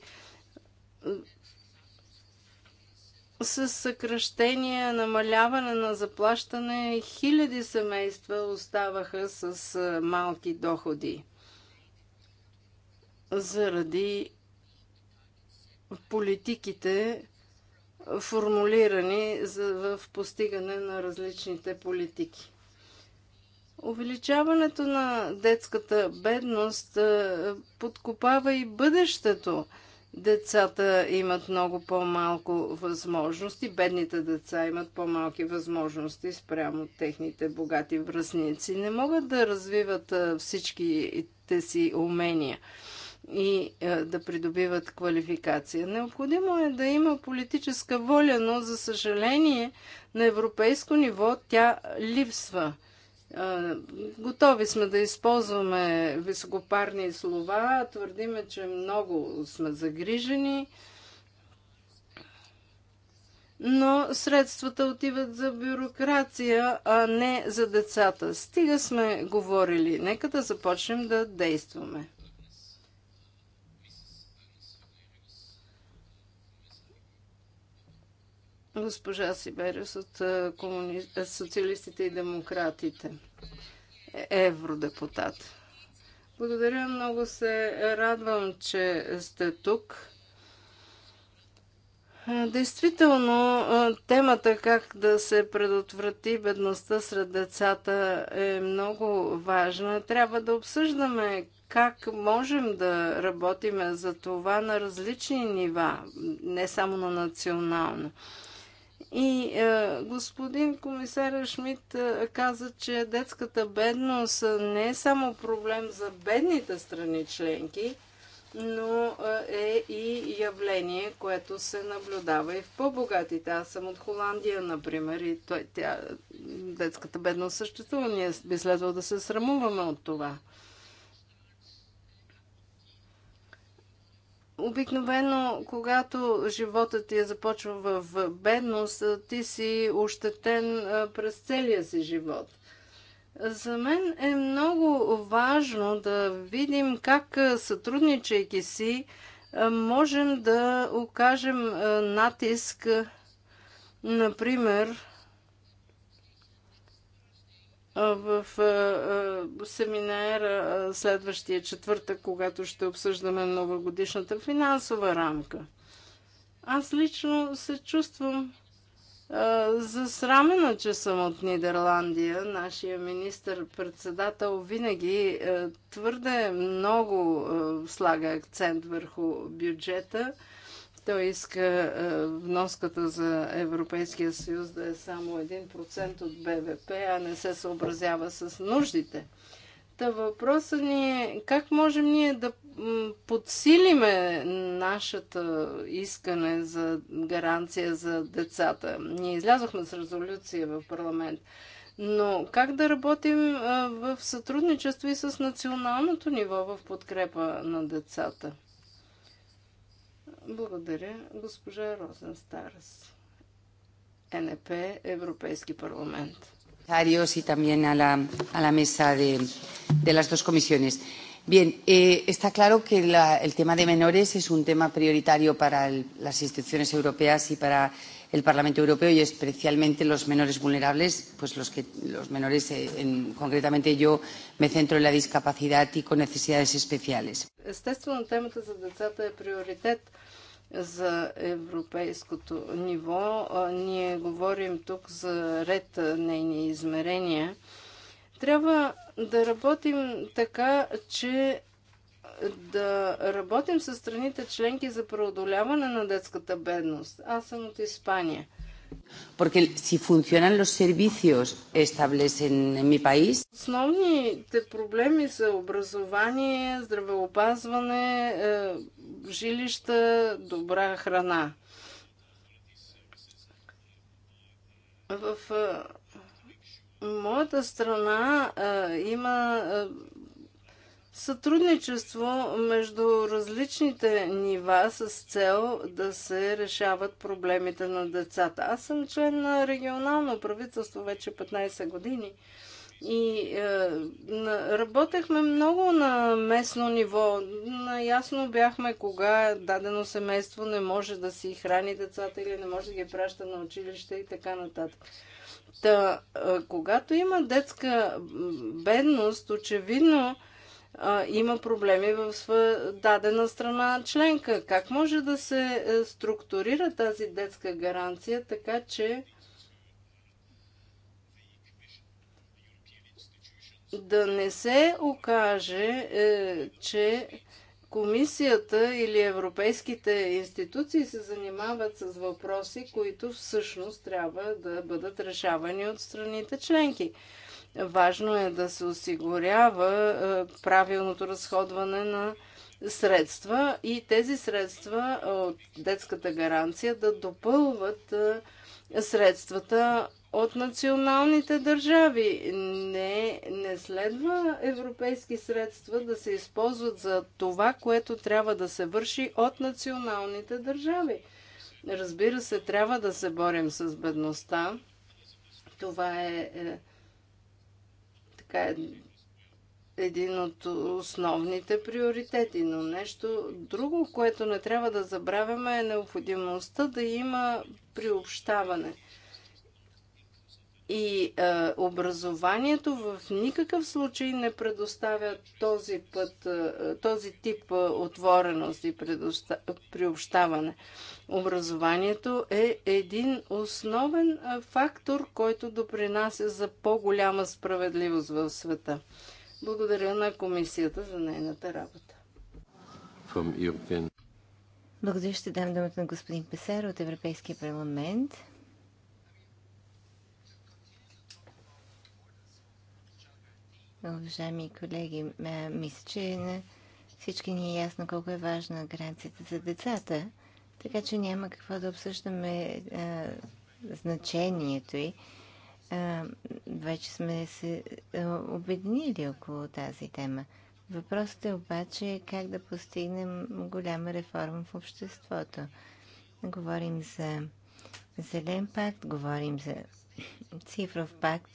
с съкръщение, намаляване на заплащане, хиляди семейства оставаха с малки доходи заради политиките, формулирани в постигане на различните политики. Увеличаването на детската бедност подкопава и бъдещето. Децата имат много по-малко възможности, бедните деца имат по-малки възможности спрямо техните богати връзници. Не могат да развиват всичките си умения и да придобиват квалификация. Необходимо е да има политическа воля, но за съжаление на европейско ниво тя липсва. Готови сме да използваме високопарни слова, твърдиме, че много сме загрижени, но средствата отиват за бюрокрация, а не за децата. Стига сме говорили, нека да започнем да действаме. госпожа Сибериус от е, комуни... Е, социалистите и демократите, е, евродепутат. Благодаря, много се радвам, че сте тук. Действително, темата как да се предотврати бедността сред децата е много важна. Трябва да обсъждаме как можем да работиме за това на различни нива, не само на национално. И е, господин комисар Шмидт е, каза, че детската бедност не е само проблем за бедните страни членки, но е и явление, което се наблюдава и в по-богатите. Аз съм от Холандия, например, и той, тя, детската бедност съществува. Ние би следвало да се срамуваме от това. Обикновено, когато животът ти е започва в бедност, ти си ощетен през целия си живот. За мен е много важно да видим как, сътрудничайки си, можем да окажем натиск, например, в семинар следващия четвъртък, когато ще обсъждаме новогодишната финансова рамка. Аз лично се чувствам засрамена, че съм от Нидерландия. Нашия министр-председател винаги твърде много слага акцент върху бюджета – той иска е, вноската за Европейския съюз да е само 1% от БВП, а не се съобразява с нуждите. Та въпросът ни е как можем ние да подсилиме нашата искане за гаранция за децата. Ние излязохме с резолюция в парламент, но как да работим е, в сътрудничество и с националното ниво в подкрепа на децата? Благодаря, госпожа Розен Старс. НП, Европейски парламент. Y también a la, a la mesa de, de las dos comisiones. Bien, eh, está claro que la, el tema de menores es un tema prioritario para el, las instituciones europeas y para el Parlamento Europeo y especialmente los menores vulnerables, pues los, que, los menores, eh, en, concretamente yo me centro en la discapacidad y con necesidades especiales. Естествено, темата за децата е приоритет за европейското ниво. Ние говорим тук за ред нейни измерения. Трябва да работим така, че да работим с страните членки за преодоляване на детската бедност. Аз съм от Испания – Porque si funcionan los servicios establecen en mi país. Основните проблеми са образование, здравеопазване, е, жилища, добра храна. В е, моята страна е, има сътрудничество между различните нива с цел да се решават проблемите на децата. Аз съм член на регионално правителство вече 15 години и е, работехме много на местно ниво. Наясно бяхме кога дадено семейство не може да си храни децата или не може да ги праща на училище и така нататък. Та, е, когато има детска бедност, очевидно, а, има проблеми в дадена страна членка. Как може да се е, структурира тази детска гаранция така, че да не се окаже, е, че комисията или европейските институции се занимават с въпроси, които всъщност трябва да бъдат решавани от страните членки. Важно е да се осигурява е, правилното разходване на средства и тези средства от детската гаранция да допълват е, средствата от националните държави. Не, не следва европейски средства да се използват за това, което трябва да се върши от националните държави. Разбира се, трябва да се борим с бедността. Това е, е така е един от основните приоритети. Но нещо друго, което не трябва да забравяме е необходимостта да има приобщаване – и а, е, образованието в никакъв случай не предоставя този път, а, е, този тип а, е, отвореност и предоста... приобщаване. Образованието е един основен а, фактор, който допринася за по-голяма справедливост в света. Благодаря на комисията за нейната работа. Благодаря, ще дам думата на господин Песер от Европейския парламент. уважаеми колеги. Е, мисля, че всички ни е ясно колко е важна гаранцията за децата, така че няма какво да обсъждаме а, е, значението й. А, е, вече сме се обединили около тази тема. Въпросът е обаче как да постигнем голяма реформа в обществото. Говорим за зелен пакт, говорим за цифров пакт.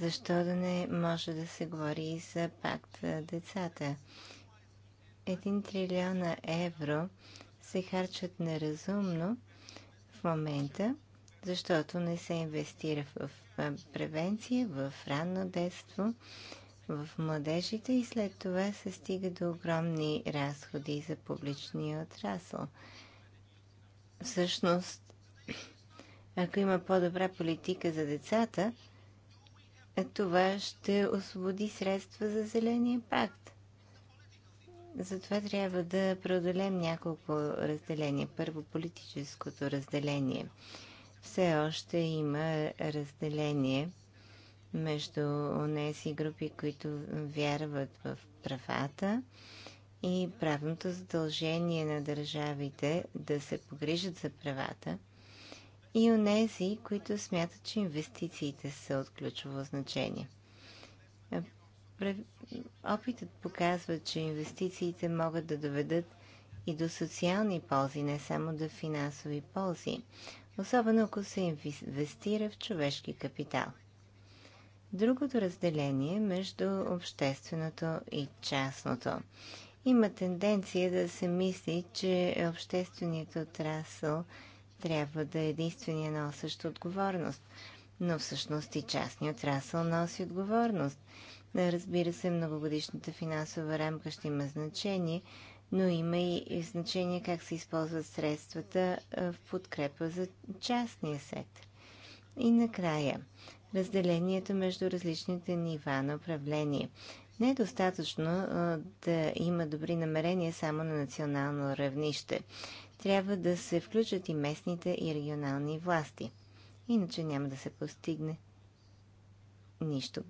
Защо да не може да се говори и за пакт за децата? Един трилиона евро се харчат неразумно в момента, защото не се инвестира в превенция, в ранно детство, в младежите и след това се стига до огромни разходи за публичния отрасъл. Всъщност, ако има по-добра политика за децата, е, това ще освободи средства за Зеления пакт. Затова трябва да преодолем няколко разделения. Първо политическото разделение. Все още има разделение между онези групи, които вярват в правата и правното задължение на държавите да се погрижат за правата – и онези, които смятат, че инвестициите са от ключово значение. Опитът показва, че инвестициите могат да доведат и до социални ползи, не само до финансови ползи, особено ако се инвестира в човешки капитал. Другото разделение е между общественото и частното. Има тенденция да се мисли, че общественият отрасъл – е трябва да е единствения носещ отговорност. Но всъщност и частният отрасъл носи отговорност. Да, разбира се, многогодишната финансова рамка ще има значение, но има и значение как се използват средствата в подкрепа за частния сектор. И накрая, разделението между различните нива на управление. Не е достатъчно да има добри намерения само на национално равнище трябва да се включат и местните и регионални власти. Иначе няма да се постигне нищо.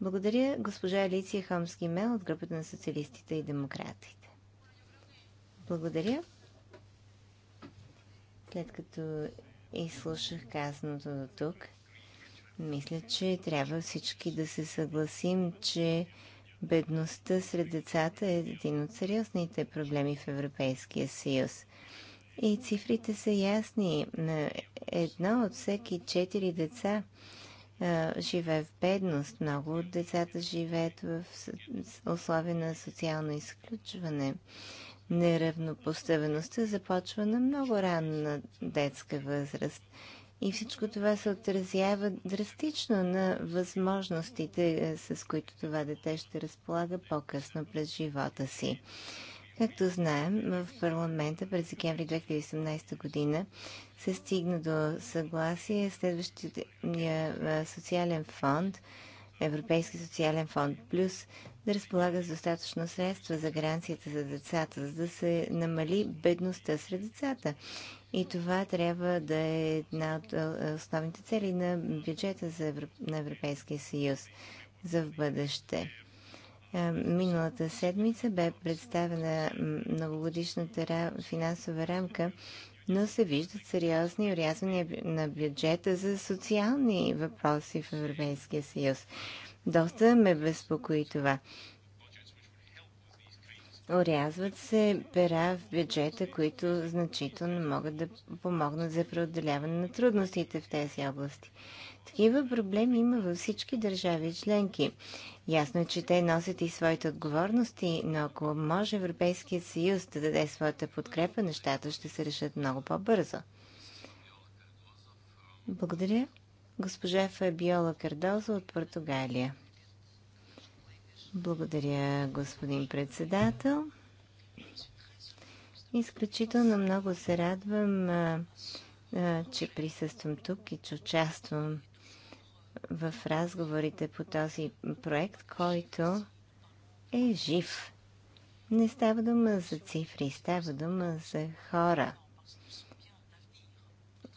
Благодаря госпожа Алиция Хомски Мел от групата на социалистите и демократите. Благодаря. След като изслушах казаното до тук, мисля, че трябва всички да се съгласим, че Бедността сред децата е един от сериозните проблеми в Европейския съюз. И цифрите са ясни. Едно от всеки четири деца а, живее в бедност. Много от децата живеят в условия на социално изключване. Неравнопоставеността започва на много ранна детска възраст. И всичко това се отразява драстично на възможностите, е, с които това дете ще разполага по-късно през живота си. Както знаем, в парламента през декември 2018 година се стигна до съгласие следващия е, социален фонд, Европейски социален фонд плюс да разполага с достатъчно средства за гаранцията за децата, за да се намали бедността сред децата. И това трябва да е една от е, основните цели на бюджета за Европ... на Европейския съюз за в бъдеще. Е, миналата седмица бе представена многогодишната финансова рамка, но се виждат сериозни урязвания на бюджета за социални въпроси в Европейския съюз. Доста ме безпокои това. Орязват се пера в бюджета, които значително могат да помогнат за преодоляване на трудностите в тези области. Такива проблеми има във всички държави членки. Ясно е, че те носят и своите отговорности, но ако може Европейският съюз да даде своята подкрепа, нещата ще се решат много по-бързо. Благодаря госпожа Фабиола Кардоза от Португалия. Благодаря, господин председател. Изключително много се радвам, че присъствам тук и че участвам в разговорите по този проект, който е жив. Не става дума за цифри, става дума за хора.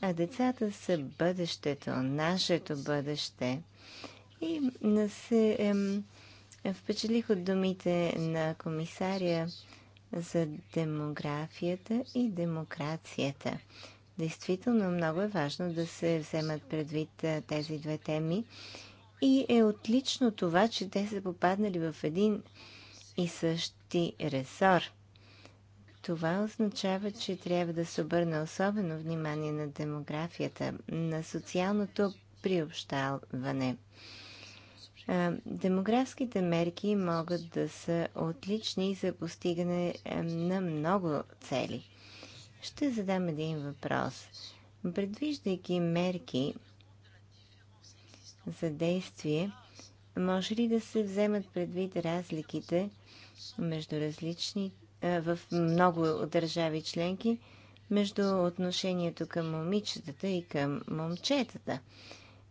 А децата са бъдещето, нашето бъдеще. И се ем, впечатлих от думите на комисаря за демографията и демокрацията. Действително много е важно да се вземат предвид е, тези две теми и е отлично това, че те са попаднали в един и същи ресор. Това означава, че трябва да се обърне особено внимание на демографията, на социалното приобщаване. Демографските мерки могат да са отлични за постигане на много цели. Ще задам един въпрос. Предвиждайки мерки за действие, може ли да се вземат предвид разликите между различните е, в много държави членки между отношението към момичетата и към момчетата.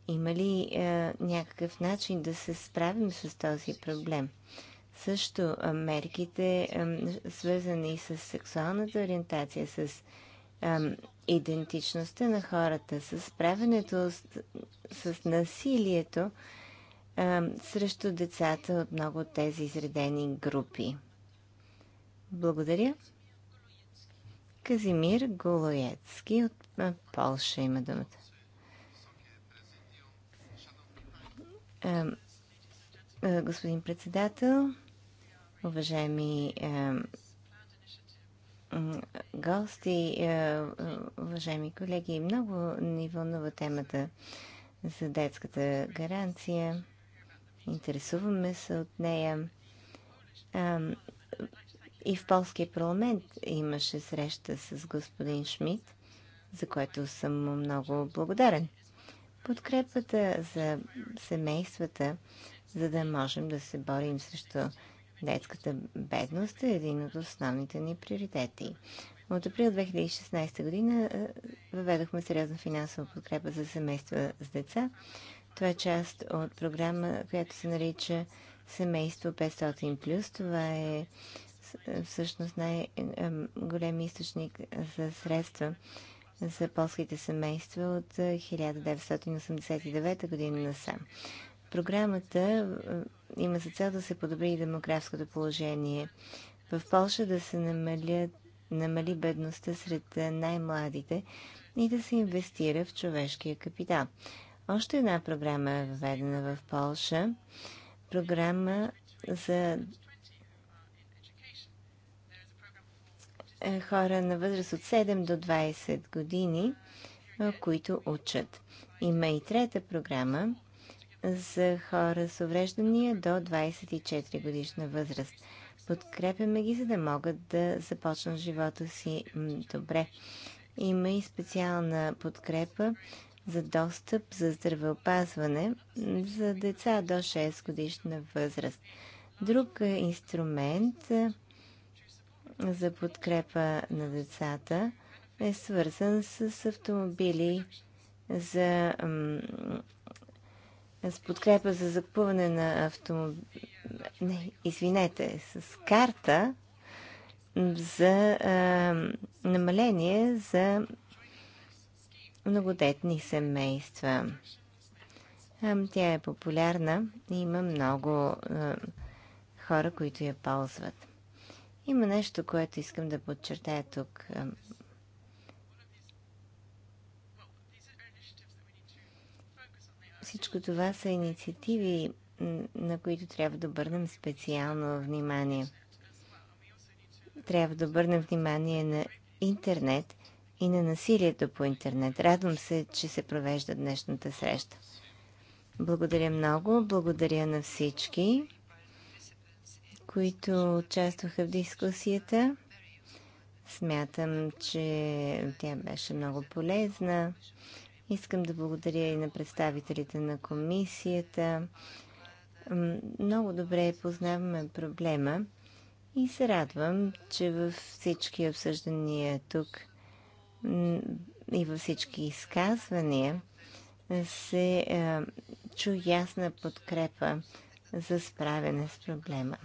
Има ли е, някакъв начин да се справим с този проблем? Също е, мерките, е, свързани с сексуалната ориентация, с е, идентичността на хората, с справянето с, с насилието е, срещу децата от много от тези изредени групи. Благодаря. Казимир Голоецки от Полша има думата. Господин председател, уважаеми гости, уважаеми колеги, много ни вълнува темата за детската гаранция. Интересуваме се от нея. И в полския парламент имаше среща с господин Шмидт, за което съм много благодарен. Подкрепата за семействата, за да можем да се борим срещу детската бедност е един от основните ни приоритети. От април 2016 година е, въведохме сериозна финансова подкрепа за семейства с деца. Това е част от програма, която се нарича Семейство 500+. Това е всъщност най-големи източник за средства за полските семейства от 1989 година насам. Програмата е, има за цел да се подобри и демографското положение. В Польша да се намаля, намали бедността сред е, най-младите и да се инвестира в човешкия капитал. Още една програма е въведена в Польша. Програма за Е, хора на възраст от 7 до 20 години, които учат. Има и трета програма за хора с увреждания до 24 годишна възраст. Подкрепяме ги, за да могат да започнат живота си добре. Има и специална подкрепа за достъп за здравеопазване за деца до 6 годишна възраст. Друг е, инструмент за подкрепа на децата е свързан с автомобили за с подкрепа за закупване на автомобили. Не, извинете, с карта за а, намаление за многодетни семейства. А, тя е популярна и има много а, хора, които я ползват. Има нещо, което искам да подчертая тук. Всичко това са инициативи, на които трябва да обърнем специално внимание. Трябва да обърнем внимание на интернет и на насилието по интернет. Радвам се, че се провежда днешната среща. Благодаря много, благодаря на всички които участваха в дискусията. Смятам, че тя беше много полезна. Искам да благодаря и на представителите на комисията. Много добре познаваме проблема и се радвам, че във всички обсъждания тук и във всички изказвания се е, чу ясна подкрепа за справяне с проблема.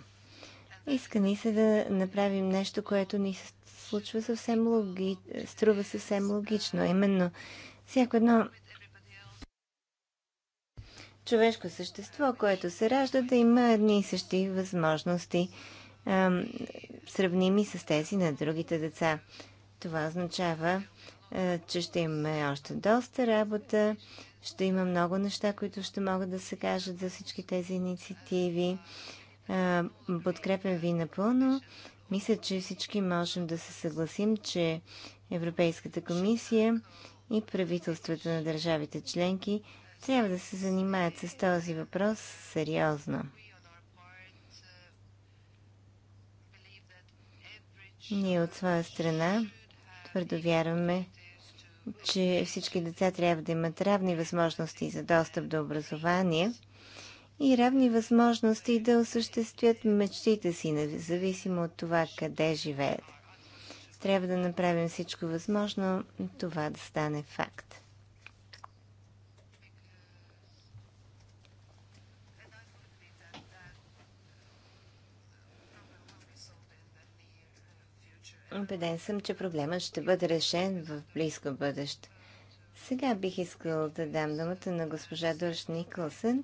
Иска ни се да направим нещо, което ни се случва съвсем логи... струва съвсем логично. Именно всяко едно човешко същество, което се ражда, да има едни и същи възможности, ам, сравними с тези на другите деца. Това означава, а, че ще имаме още доста работа, ще има много неща, които ще могат да се кажат за всички тези инициативи. Е, подкрепям ви напълно. Мисля, че всички можем да се съгласим, че Европейската комисия и правителствата на държавите членки трябва да се занимаят с този въпрос сериозно. Ние от своя страна твърдо вярваме, че всички деца трябва да имат равни възможности за достъп до образование – и равни възможности да осъществят мечтите си, независимо от това къде живеят. Трябва да направим всичко възможно това да стане факт. Убеден съм, че проблемът ще бъде решен в близко бъдеще. Сега бих искал да дам думата на госпожа Дорш Николсън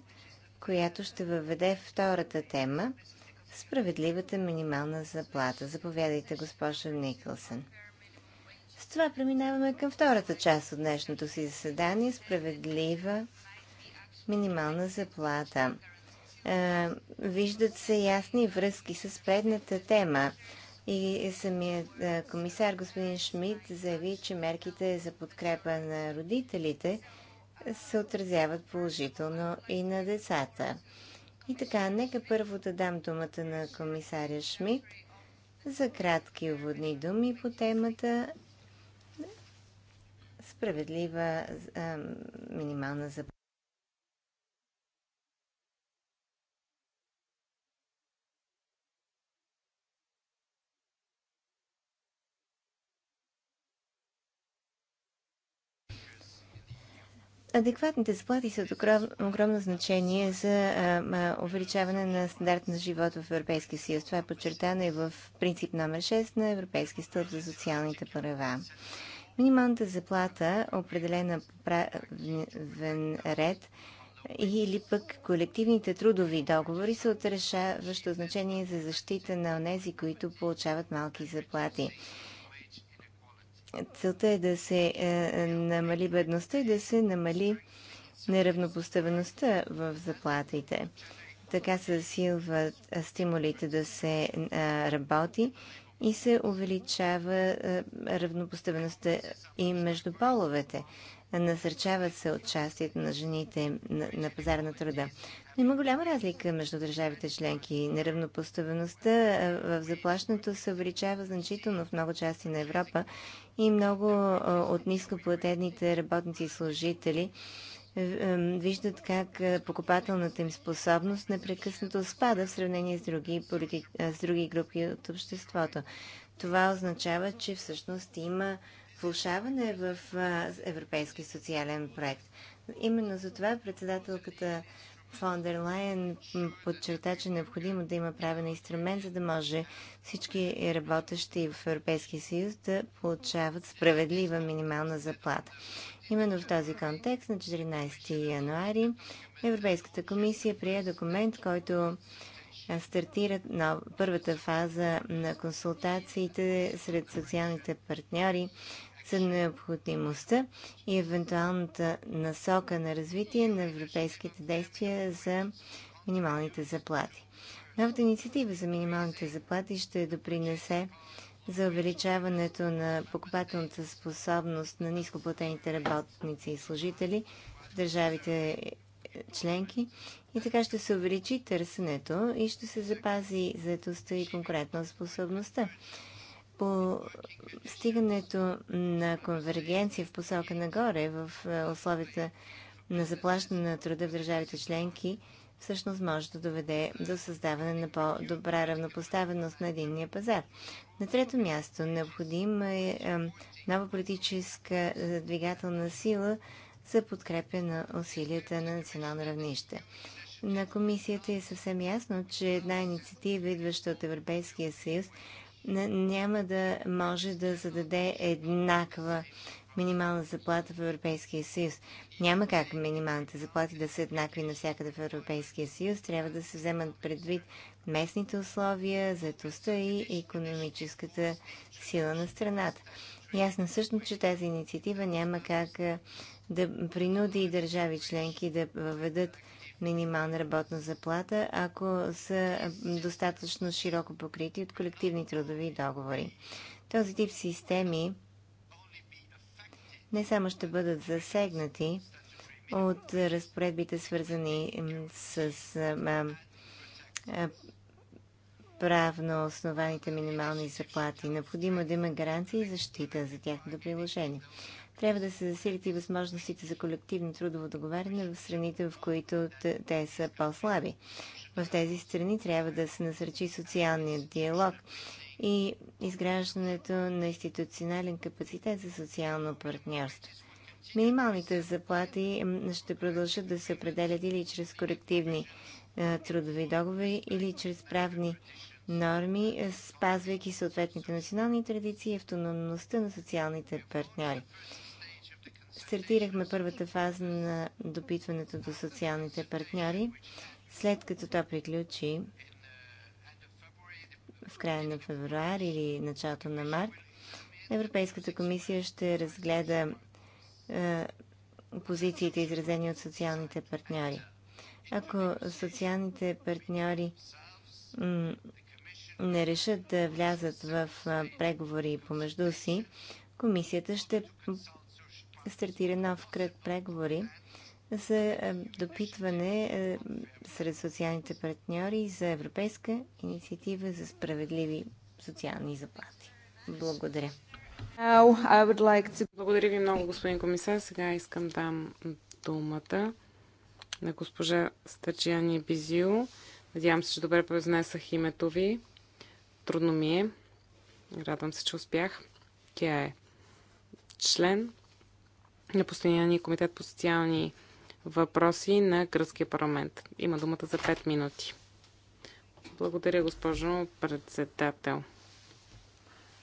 която ще въведе втората тема – справедливата минимална заплата. Заповядайте, госпожо Никълсън. С това преминаваме към втората част от днешното си заседание – справедлива минимална заплата. виждат се ясни връзки с предната тема. И самият комисар господин Шмидт заяви, че мерките за подкрепа на родителите – се отразяват положително и на децата. И така, нека първо да дам думата на комисаря Шмидт за кратки уводни думи по темата справедлива а, минимална заплата. Адекватните заплати са от огромно значение за увеличаване на стандарт на живот в Европейския съюз. Това е подчертано и в принцип номер 6 на Европейския стълб за социалните права. Минималната заплата, определена по правен ред, или пък колективните трудови договори са от решаващо значение за защита на онези, които получават малки заплати целта е да се е, е, намали бедността и да се намали неравнопоставеността в заплатите. Така се засилват е, стимулите да се работи и се увеличава равнопоставеността и между половете. Насърчават се участието на жените на пазара на труда. Има голяма разлика между държавите членки. Неравнопоставеността в заплащането се увеличава значително в много части на Европа и много от нископлатените работници и служители е, е, виждат как е, покупателната им способност непрекъснато спада в сравнение с други, полити... с други групи от обществото. Това означава, че всъщност има влушаване в европейски социален проект. Именно за това председателката фон дер Лайен подчерта, че е необходимо да има правен инструмент, за да може всички работещи в Европейския съюз да получават справедлива минимална заплата. Именно в този контекст на 14 януари Европейската комисия прие документ, който стартира първата фаза на консултациите сред социалните партньори за необходимостта и евентуалната насока на развитие на европейските действия за минималните заплати. Новата инициатива за минималните заплати ще допринесе за увеличаването на покупателната способност на нископлатените работници и служители в държавите е, членки и така ще се увеличи търсенето и ще се запази заетостта и конкретно способността по стигането на конвергенция в посока нагоре в е, условията на заплащане на труда в държавите членки всъщност може да доведе до създаване на по-добра равнопоставеност на единния пазар. На трето място, необходима е, е нова политическа е, двигателна сила за подкрепя на усилията на национално равнище. На комисията е съвсем ясно, че една инициатива, идваща от Европейския съюз, няма да може да зададе еднаква минимална заплата в Европейския съюз. Няма как минималните заплати да са еднакви навсякъде в Европейския съюз. Трябва да се вземат предвид местните условия, заетостта и економическата сила на страната. Ясно също, че тази инициатива няма как да принуди и държави членки да въведат минимална работна заплата, ако са достатъчно широко покрити от колективни трудови договори. Този тип системи не само ще бъдат засегнати от разпоредбите, свързани с правно основаните минимални заплати. Необходимо да има гаранции и защита за тяхното приложение. Трябва да се засилят и възможностите за колективно трудово договаряне в страните, в които те са по-слаби. В тези страни трябва да се насърчи социалният диалог и изграждането на институционален капацитет за социално партньорство. Минималните заплати ще продължат да се определят или чрез колективни трудови договори, или чрез правни норми, спазвайки съответните национални традиции и автономността на социалните партньори. Стартирахме първата фаза на допитването до социалните партньори. След като то приключи в края на февруар или началото на март, Европейската комисия ще разгледа е, позициите, изразени от социалните партньори. Ако социалните партньори не решат да влязат в преговори помежду си, комисията ще стартира нов кръг преговори за е, допитване е, сред социалните партньори за Европейска инициатива за справедливи социални заплати. Благодаря. Благодаря ви много, господин комисар. Сега искам дам думата на госпожа Стачиани Бизио. Надявам се, че добре произнесах името ви. Трудно ми е. Радвам се, че успях. Тя е член на Постоянния комитет по социални въпроси на Гръцкия парламент. Има думата за 5 минути. Благодаря, госпожо председател.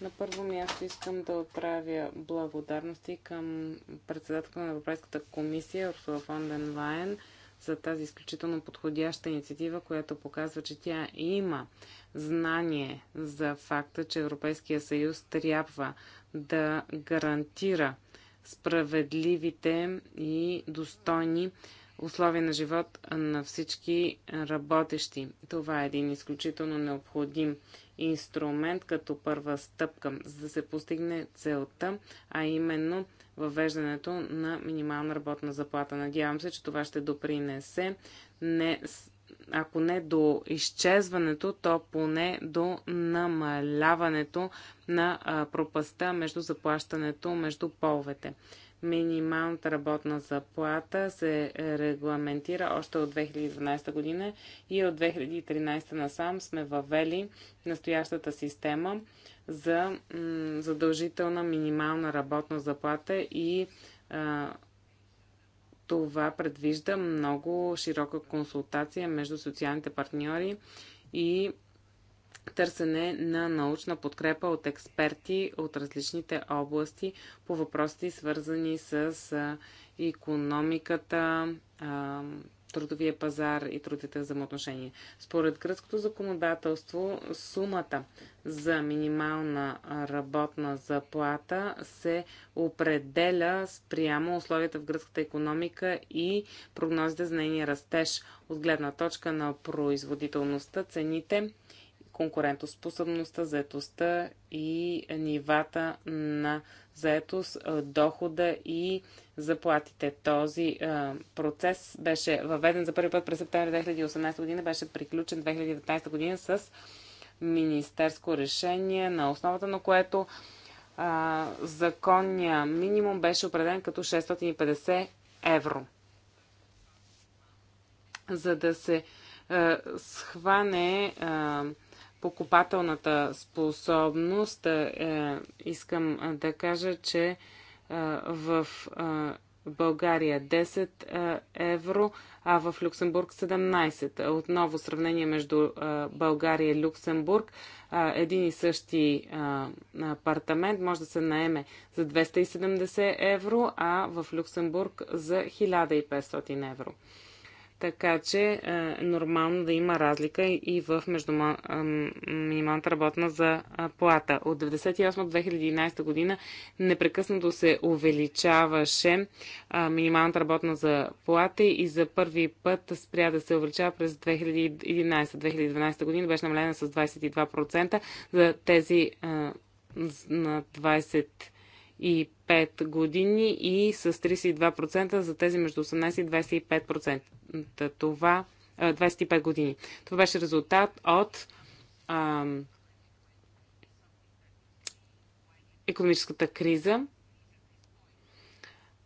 На първо място искам да отправя благодарности към председателка на Европейската комисия Урсула фон ден Лайен за тази изключително подходяща инициатива, която показва, че тя има знание за факта, че Европейския съюз трябва да гарантира справедливите и достойни условия на живот на всички работещи. Това е един изключително необходим инструмент като първа стъпка, за да се постигне целта, а именно въвеждането на минимална работна заплата. Надявам се, че това ще допринесе не ако не до изчезването, то поне до намаляването на пропаста между заплащането между половете. Минималната работна заплата се регламентира още от 2012 година и от 2013 насам сме въвели настоящата система за задължителна минимална работна заплата и това предвижда много широка консултация между социалните партньори и търсене на научна подкрепа от експерти от различните области по въпросите, свързани с економиката, трудовия пазар и трудите взаимоотношения. Според гръцкото законодателство, сумата за минимална работна заплата се определя спрямо условията в гръцката економика и прогнозите за нейния растеж от гледна точка на производителността, цените, конкурентоспособността, заетостта и нивата на заетост, дохода и заплатите. Този процес беше въведен за първи път през септември 2018 година, беше приключен 2019 година с министерско решение, на основата на което законният законния минимум беше определен като 650 евро. За да се схване а, покупателната способност, е, е искам да кажа, че е, в е, България 10 е, евро, а в Люксембург 17. Отново сравнение между е, България и Люксембург. Един и същи апартамент може да се наеме за 270 евро, а в Люксембург за 1500 евро. Така че е нормално да има разлика и в между минималната работна плата. От 1998 до 2011 година непрекъснато се увеличаваше минималната работна заплата и за първи път спря да се увеличава през 2011-2012 година. Беше намалена с 22% за тези на 20 25 години и с 32% за тези между 18 и 25%. Това, 25 години. Това беше резултат от ам, економическата криза.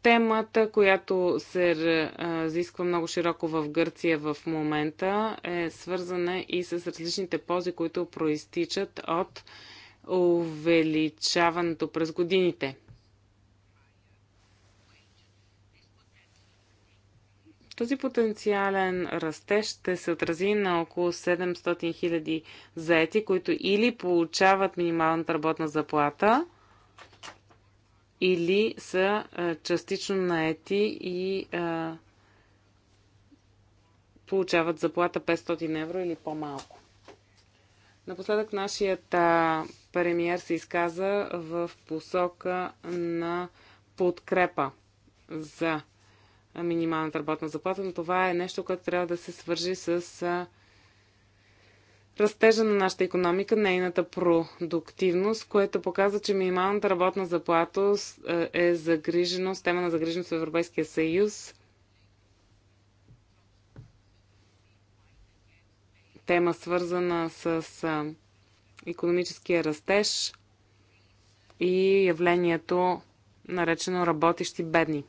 Темата, която се разисква много широко в Гърция в момента, е свързана и с различните пози, които проистичат от увеличаването през годините Този потенциален растеж ще се отрази на около 700 000 заети, които или получават минималната работна заплата, или са а, частично наети и а, получават заплата 500 евро или по-малко. Напоследък нашият премиер се изказа в посока на подкрепа за минималната работна заплата, но това е нещо, което трябва да се свържи с растежа на нашата економика, нейната продуктивност, което показва, че минималната работна заплата е загриженост, тема на загриженост в Европейския съюз. Тема свързана с економическия растеж и явлението наречено работещи бедни.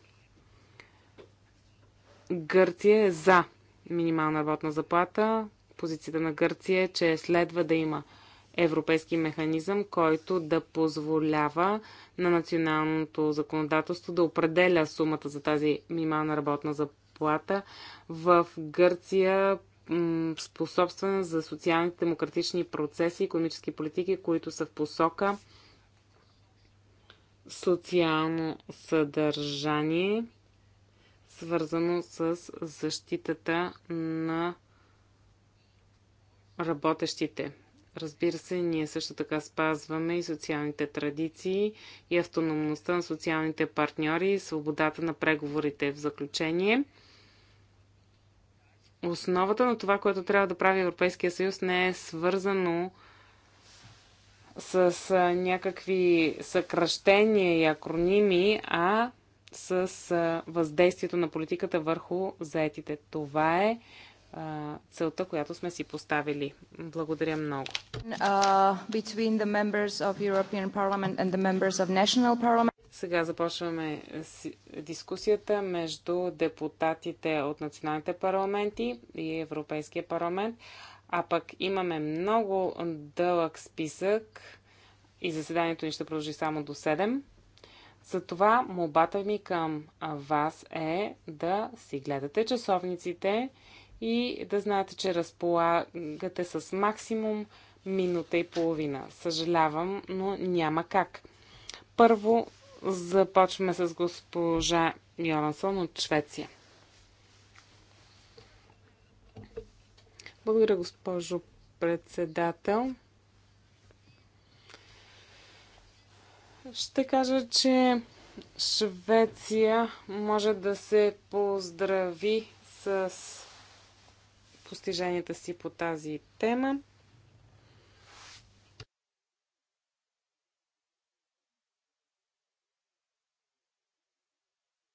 Гърция е за минимална работна заплата. Позицията на Гърция е, че следва да има европейски механизъм, който да позволява на националното законодателство да определя сумата за тази минимална работна заплата. В Гърция способствена за социалните демократични процеси, економически политики, които са в посока социално съдържание свързано с защитата на работещите. Разбира се, ние също така спазваме и социалните традиции, и автономността на социалните партньори, и свободата на преговорите в заключение. Основата на това, което трябва да прави Европейския съюз, не е свързано с някакви съкръщения и акроними, а с въздействието на политиката върху заетите. Това е а, целта, която сме си поставили. Благодаря много. Uh, Сега започваме с дискусията между депутатите от националните парламенти и Европейския парламент. А пък имаме много дълъг списък и заседанието ни ще продължи само до 7. Затова молбата ми към вас е да си гледате часовниците и да знаете, че разполагате с максимум минута и половина. Съжалявам, но няма как. Първо започваме с госпожа Йонасон от Швеция. Благодаря, госпожо председател. Ще кажа, че Швеция може да се поздрави с постиженията си по тази тема.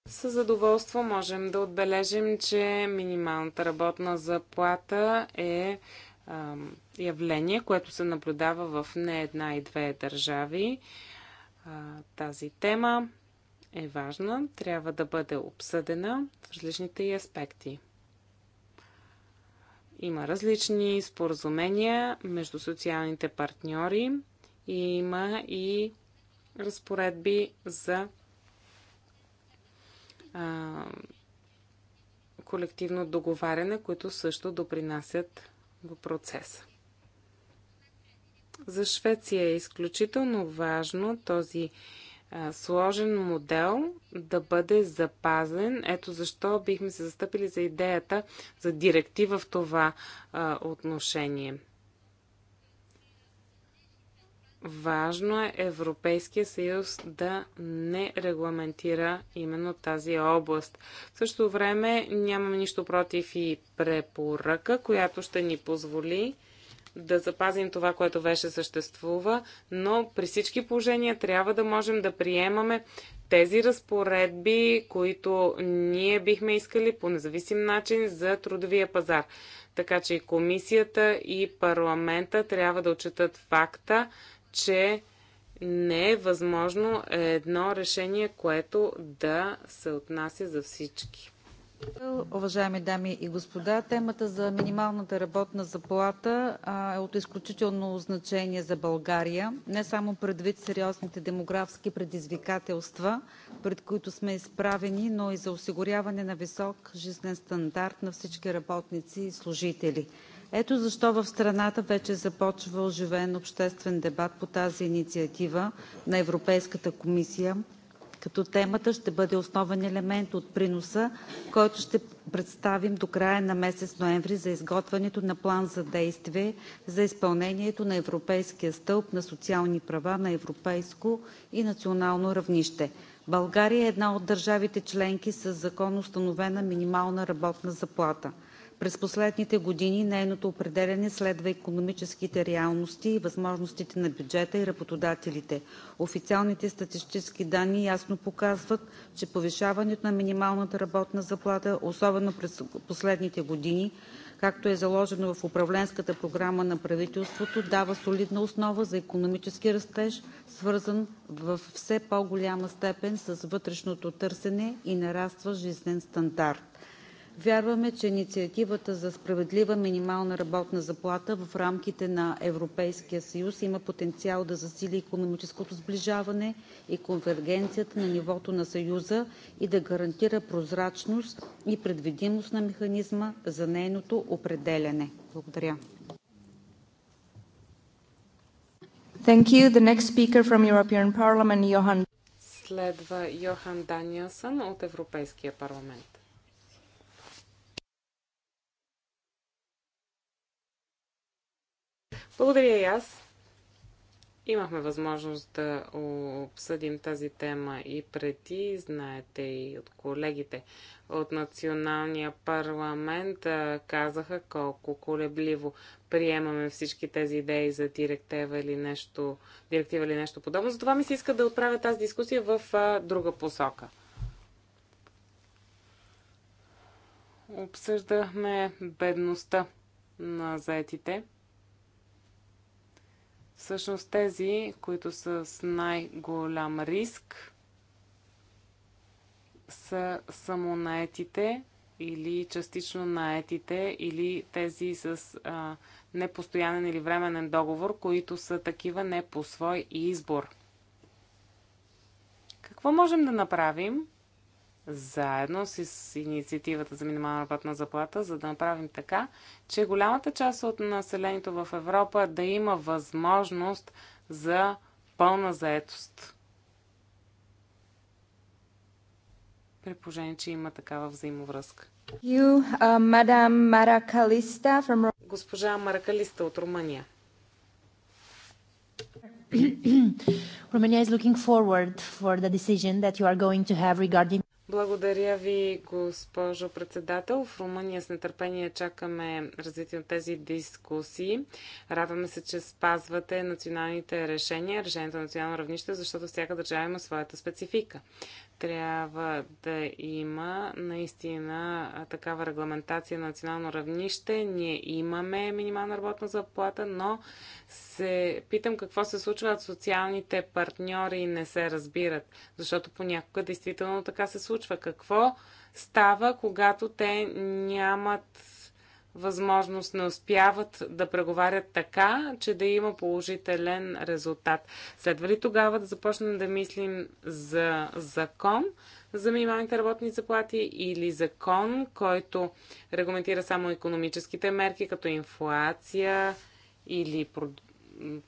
С задоволство можем да отбележим, че минималната работна заплата е явление, което се наблюдава в не една и две държави тази тема е важна, трябва да бъде обсъдена в различните и аспекти. Има различни споразумения между социалните партньори и има и разпоредби за а, колективно договаряне, които също допринасят в процеса. За Швеция е изключително важно този а, сложен модел да бъде запазен. Ето защо бихме се застъпили за идеята за директива в това а, отношение. Важно е Европейския съюз да не регламентира именно тази област. В същото време нямам нищо против и препоръка, която ще ни позволи да запазим това, което вече съществува, но при всички положения трябва да можем да приемаме тези разпоредби, които ние бихме искали по независим начин за трудовия пазар. Така че и комисията, и парламента трябва да отчитат факта, че не е възможно едно решение, което да се отнася за всички. Уважаеми дами и господа, темата за минималната работна заплата е от изключително значение за България не само предвид сериозните демографски предизвикателства, пред които сме изправени, но и за осигуряване на висок жизнен стандарт на всички работници и служители. Ето защо в страната вече е започва оживен обществен дебат по тази инициатива на Европейската комисия, като темата ще бъде основен елемент от приноса, който ще представим до края на месец ноември за изготвянето на План за действие за изпълнението на Европейския стълб на социални права на европейско и национално равнище. България е една от държавите членки със законоустановена минимална работна заплата. През последните години нейното определяне следва икономическите реалности и възможностите на бюджета и работодателите. Официалните статистически данни ясно показват, че повишаването на минималната работна заплата, особено през последните години, както е заложено в Управленската програма на правителството, дава солидна основа за икономически растеж, свързан във все по-голяма степен с вътрешното търсене и нарастващ жизнен стандарт. Вярваме, че инициативата за справедлива минимална работна заплата в рамките на Европейския съюз има потенциал да засили икономическото сближаване и конвергенцията на нивото на Съюза и да гарантира прозрачност и предвидимост на механизма за нейното определяне. Благодаря. Thank you. The next speaker from European Parliament, Johan. Следва Йохан Даниелсън от Европейския парламент. Благодаря и аз. Имахме възможност да обсъдим тази тема и преди, знаете и от колегите от Националния парламент казаха колко колебливо приемаме всички тези идеи за директива или нещо, директива или нещо подобно. Затова ми се иска да отправя тази дискусия в друга посока. Обсъждахме бедността на заетите – Всъщност тези, които са с най-голям риск, са самонаетите или частично наетите или тези с а, непостоянен или временен договор, които са такива не по свой избор. Какво можем да направим? заедно с инициативата за минимална работна заплата, за да направим така, че голямата част от населението в Европа да има възможност за пълна заетост. При положение, че има такава взаимовръзка. You, uh, Madam Maracalista from... Госпожа Маракалиста от Румъния. Romania is looking forward for the decision that you are going to have regarding благодаря ви, госпожо председател. В Румъния с нетърпение чакаме развитие на тези дискусии. Радваме се, че спазвате националните решения, решението на национално равнище, защото всяка държава има своята специфика. Трябва да има наистина такава регламентация на национално равнище. Ние имаме минимална работна заплата, но се питам какво се случва, от социалните партньори не се разбират, защото понякога действително така се случва случва, какво става, когато те нямат възможност, не успяват да преговарят така, че да има положителен резултат. Следва ли тогава да започнем да мислим за закон за минималните работни заплати или закон, който регламентира само економическите мерки, като инфлация или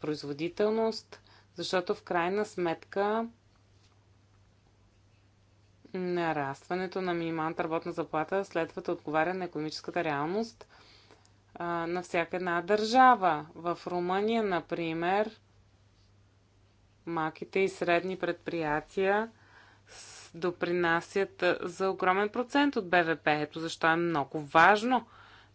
производителност? Защото в крайна сметка нарастването на минималната работна заплата следва да отговаря на економическата реалност а, на всяка една държава. В Румъния, например, малките и средни предприятия допринасят за огромен процент от БВП. Ето защо е много важно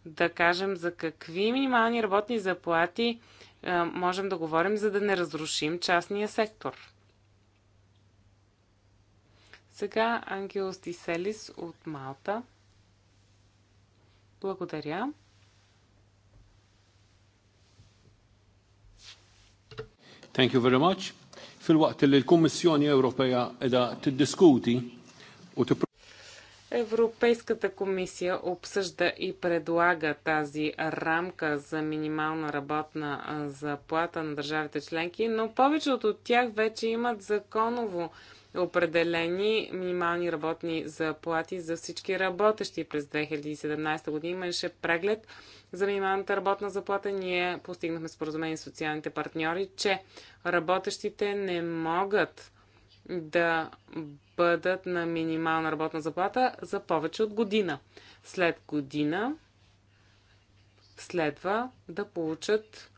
да кажем за какви минимални работни заплати а, можем да говорим, за да не разрушим частния сектор. Сега Ангелос Диселис от Малта. Благодаря. Thank you very much. Fil-waqt li l-Kummissjoni Ewropeja edha tiddiskuti u Европейската комисия обсъжда и предлага тази рамка за минимална работна заплата на държавите членки, но повечето от тях вече имат законово определени минимални работни заплати за всички работещи. През 2017 година имаше преглед за минималната работна заплата. Ние постигнахме споразумение с социалните партньори, че работещите не могат да бъдат на минимална работна заплата за повече от година. След година следва да получат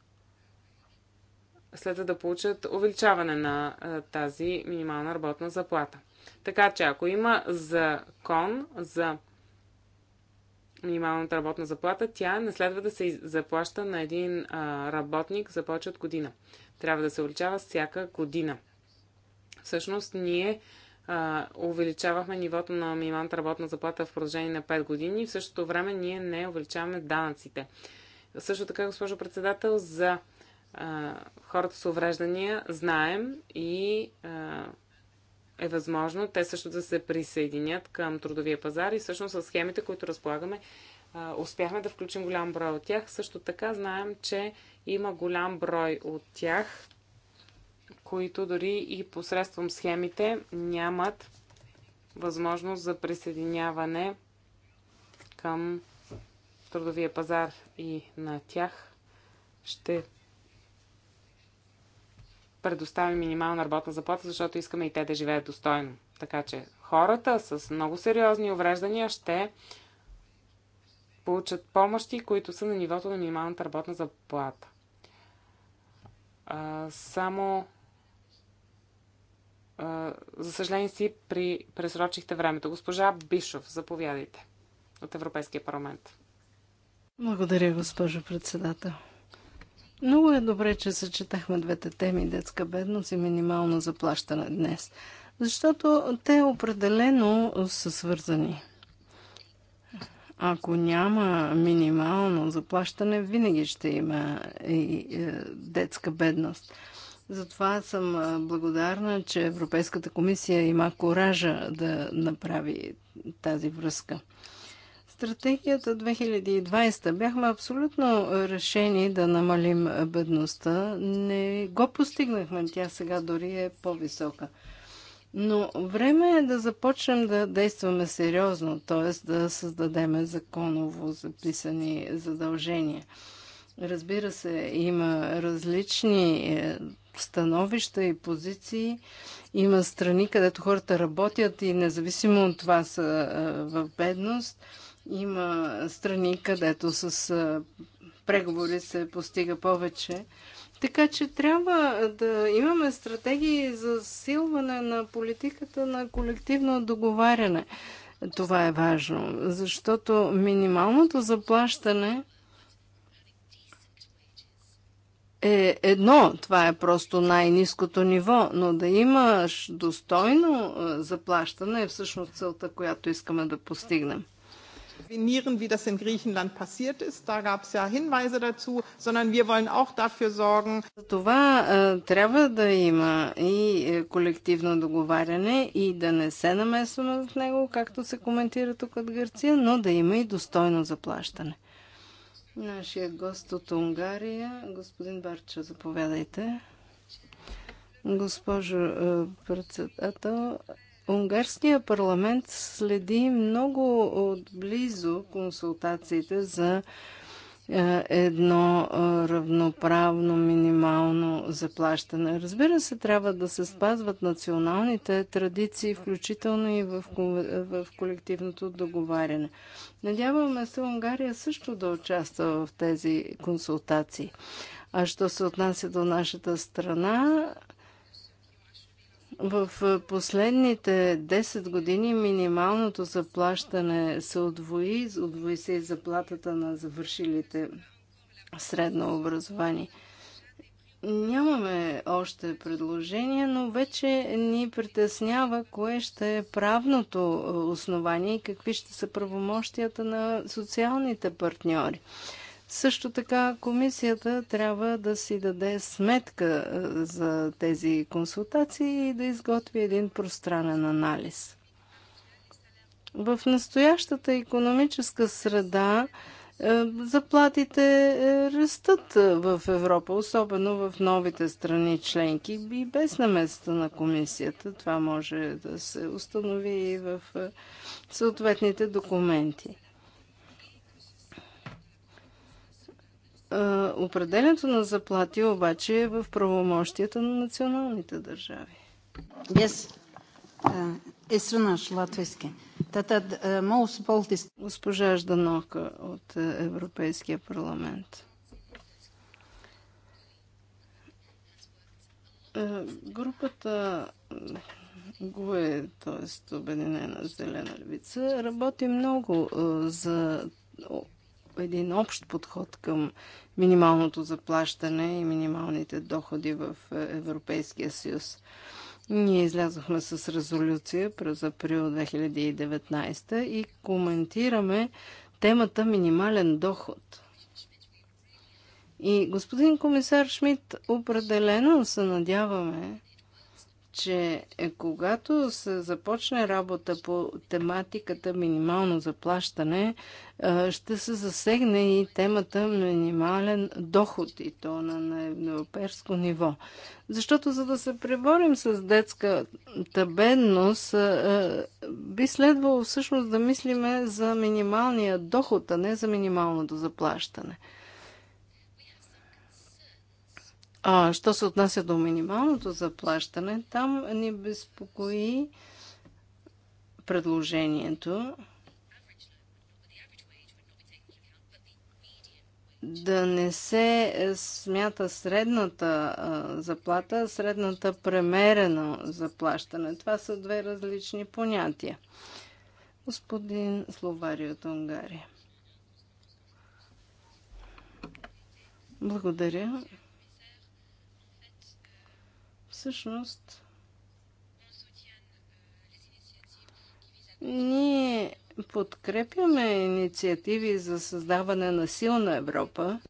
следва да получат увеличаване на тази минимална работна заплата. Така че ако има закон за минималната работна заплата, тя не следва да се заплаща на един работник за повече от година. Трябва да се увеличава всяка година. Всъщност ние увеличавахме нивото на минималната работна заплата в продължение на 5 години и в същото време ние не увеличаваме данъците. Също така, госпожо председател, за хората с увреждания знаем и е възможно те също да се присъединят към трудовия пазар и всъщност с схемите, които разполагаме, успяхме да включим голям брой от тях. Също така знаем, че има голям брой от тях, които дори и посредством схемите нямат възможност за присъединяване към трудовия пазар и на тях ще предоставим минимална работна заплата, защото искаме и те да живеят достойно. Така че хората с много сериозни увреждания ще получат помощи, които са на нивото на минималната работна заплата. А, само а, за съжаление си при, пресрочихте времето. Госпожа Бишов, заповядайте от Европейския парламент. Благодаря, госпожо председател. Много е добре, че съчетахме двете теми детска бедност и минимално заплащане днес, защото те определено са свързани. Ако няма минимално заплащане, винаги ще има и е, детска бедност. Затова съм е, благодарна, че Европейската комисия има коража да направи тази връзка стратегията 2020 бяхме абсолютно решени да намалим бедността. Не го постигнахме. Тя сега дори е по-висока. Но време е да започнем да действаме сериозно, т.е. да създадеме законово записани задължения. Разбира се, има различни е, становища и позиции. Има страни, където хората работят и независимо от това са е, в бедност – има страни, където с преговори се постига повече. Така че трябва да имаме стратегии за силване на политиката на колективно договаряне. Това е важно, защото минималното заплащане е едно, това е просто най-низкото ниво, но да имаш достойно заплащане е всъщност целта, която искаме да постигнем definieren, wie das in Griechenland passiert ist. Da gab es ja Hinweise dazu, sondern wir wollen auch dafür sorgen. Това е, трябва да има и е, колективно договаряне и да не се намесваме в него, както се коментира тук от Гърция, но да има и достойно заплащане. Нашия гост от Унгария, господин Барча, заповядайте. Госпожо е, председател, Унгарския парламент следи много отблизо консултациите за е, едно е, равноправно минимално заплащане. Разбира се, трябва да се спазват националните традиции, включително и в, в колективното договаряне. Надяваме се Унгария също да участва в тези консултации. А що се отнася до нашата страна, в последните 10 години минималното заплащане се отвои, отвои се и заплатата на завършилите средно образование. Нямаме още предложение, но вече ни притеснява кое ще е правното основание и какви ще са правомощията на социалните партньори. Също така комисията трябва да си даде сметка е, за тези консултации и да изготви един пространен анализ. В настоящата економическа среда е, заплатите е, растат в Европа, особено в новите страни членки и без наместа на комисията. Това може да се установи и в съответните документи. Определенето на заплати обаче е в правомощията на националните държави. Yes. Uh, латвийски. Госпожа Жданока от Европейския парламент. Групата ГУЕ, т.е. Обединена зелена львица, работи много за един общ подход към минималното заплащане и минималните доходи в е, Европейския съюз. Ние излязохме с резолюция през април 2019 и коментираме темата минимален доход. И господин комисар Шмидт, определено се надяваме, че е, когато се започне работа по тематиката минимално заплащане, е, ще се засегне и темата минимален доход и то на европейско ниво. Защото за да се преборим с детската бедност, е, би следвало всъщност да мислиме за минималния доход, а не за минималното заплащане – а, що се отнася до минималното заплащане, там ни безпокои предложението да не се смята средната заплата, средната премерено заплащане. Това са две различни понятия. Господин Словари от Унгария. Благодаря всъщност ние подкрепяме инициативи за създаване на силна Европа.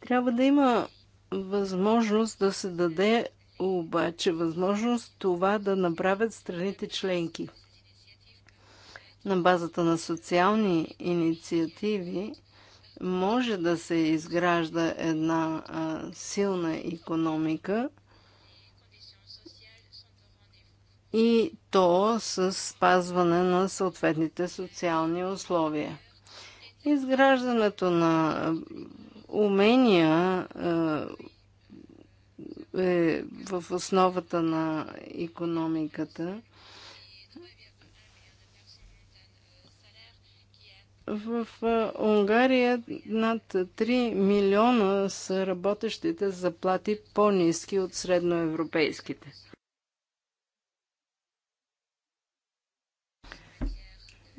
Трябва да има възможност да се даде обаче възможност това да направят страните членки. На базата на социални инициативи може да се изгражда една а, силна економика и то с спазване на съответните социални условия. Изграждането на умения е в основата на економиката В Унгария над 3 милиона са работещите заплати по-низки от средноевропейските.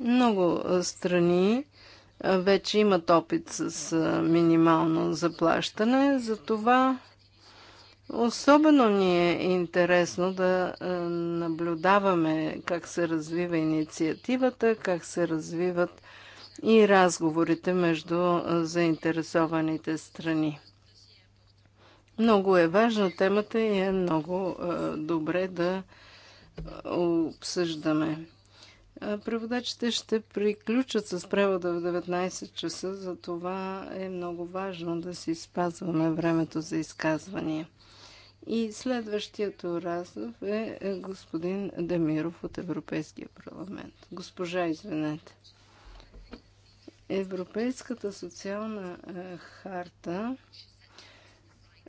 Много страни вече имат опит с минимално заплащане, затова особено ни е интересно да наблюдаваме как се развива инициативата, как се развиват и разговорите между заинтересованите страни. Много е важна темата и е много добре да обсъждаме. Преводачите ще приключат с превода в 19 часа, за това е много важно да си спазваме времето за изказвания. И следващият разъв е, е господин Демиров от Европейския парламент. Госпожа, извинете. Европейската социална харта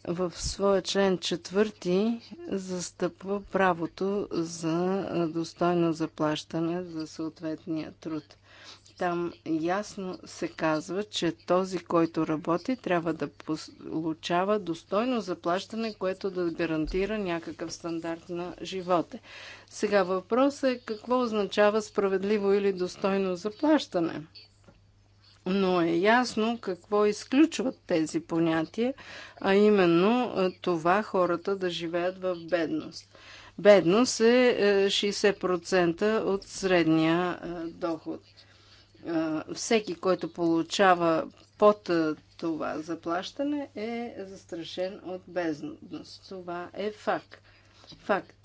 в своя член четвърти застъпва правото за достойно заплащане за съответния труд. Там ясно се казва, че този, който работи, трябва да получава достойно заплащане, което да гарантира някакъв стандарт на живота. Сега въпросът е какво означава справедливо или достойно заплащане но е ясно какво изключват тези понятия, а именно това хората да живеят в бедност. Бедност е 60% е, от средния е, доход. Е, всеки, който получава под това заплащане, е застрашен от бедност. Това е факт. факт.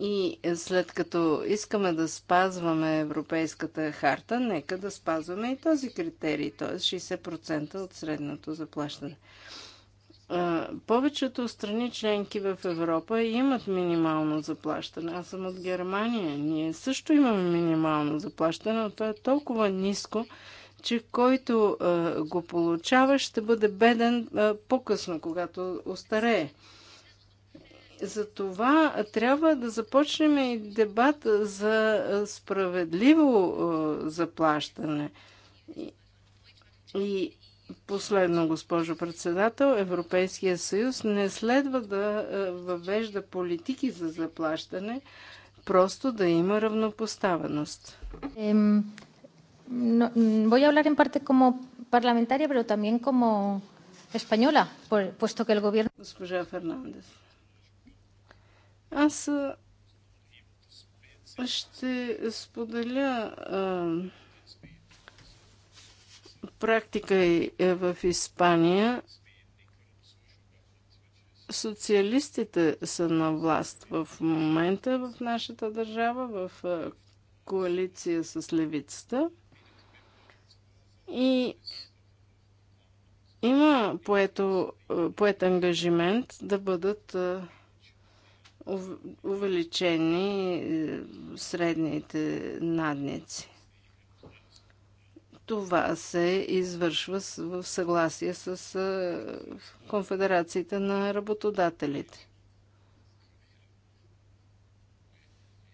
И след като искаме да спазваме Европейската харта, нека да спазваме и този критерий, т.е. 60% от средното заплащане. Повечето страни членки в Европа имат минимално заплащане. Аз съм от Германия. Ние също имаме минимално заплащане, но то е толкова ниско, че който го получава ще бъде беден по-късно, когато остарее. За това трябва да започнем и дебат за справедливо заплащане. И последно, госпожо председател, Европейския съюз не следва да въвежда политики за заплащане, просто да има равнопоставеност. voy a hablar en parte como parlamentaria, pero también como española, puesto que el gobierno. Госпожа Фернандес. Аз ще споделя а, практика и е, в Испания. Социалистите са на власт в момента в нашата държава, в коалиция с левицата. И има поето, поет ангажимент да бъдат увеличени е, средните надници. Това се извършва в съгласие с е, конфедерациите на работодателите.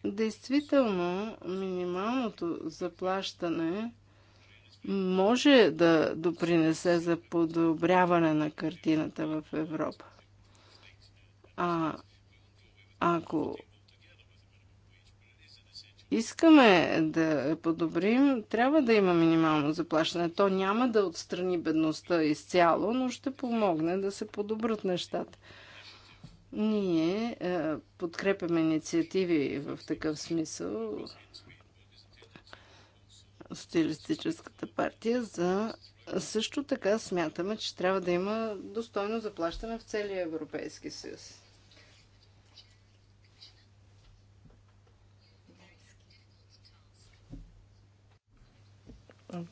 Действително, минималното заплащане може да допринесе за подобряване на картината в Европа. А ако искаме да подобрим, трябва да има минимално заплащане. То няма да отстрани бедността изцяло, но ще помогне да се подобрат нещата. Ние е, подкрепяме инициативи в такъв смисъл. Социалистическата партия за също така смятаме, че трябва да има достойно заплащане в целия Европейски съюз.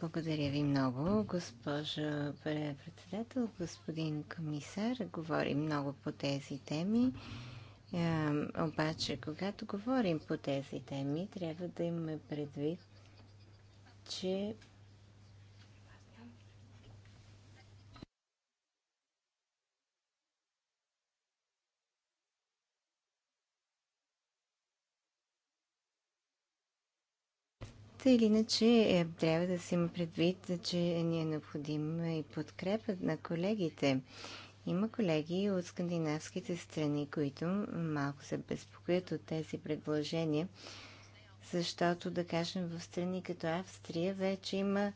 Благодаря ви много, госпожа председател, господин комисар. Говори много по тези теми. обаче, когато говорим по тези теми, трябва да имаме предвид, че Та или иначе е, трябва да се има предвид, че ни е необходима и подкрепа на колегите. Има колеги от скандинавските страни, които малко се безпокоят от тези предложения, защото, да кажем, в страни като Австрия вече има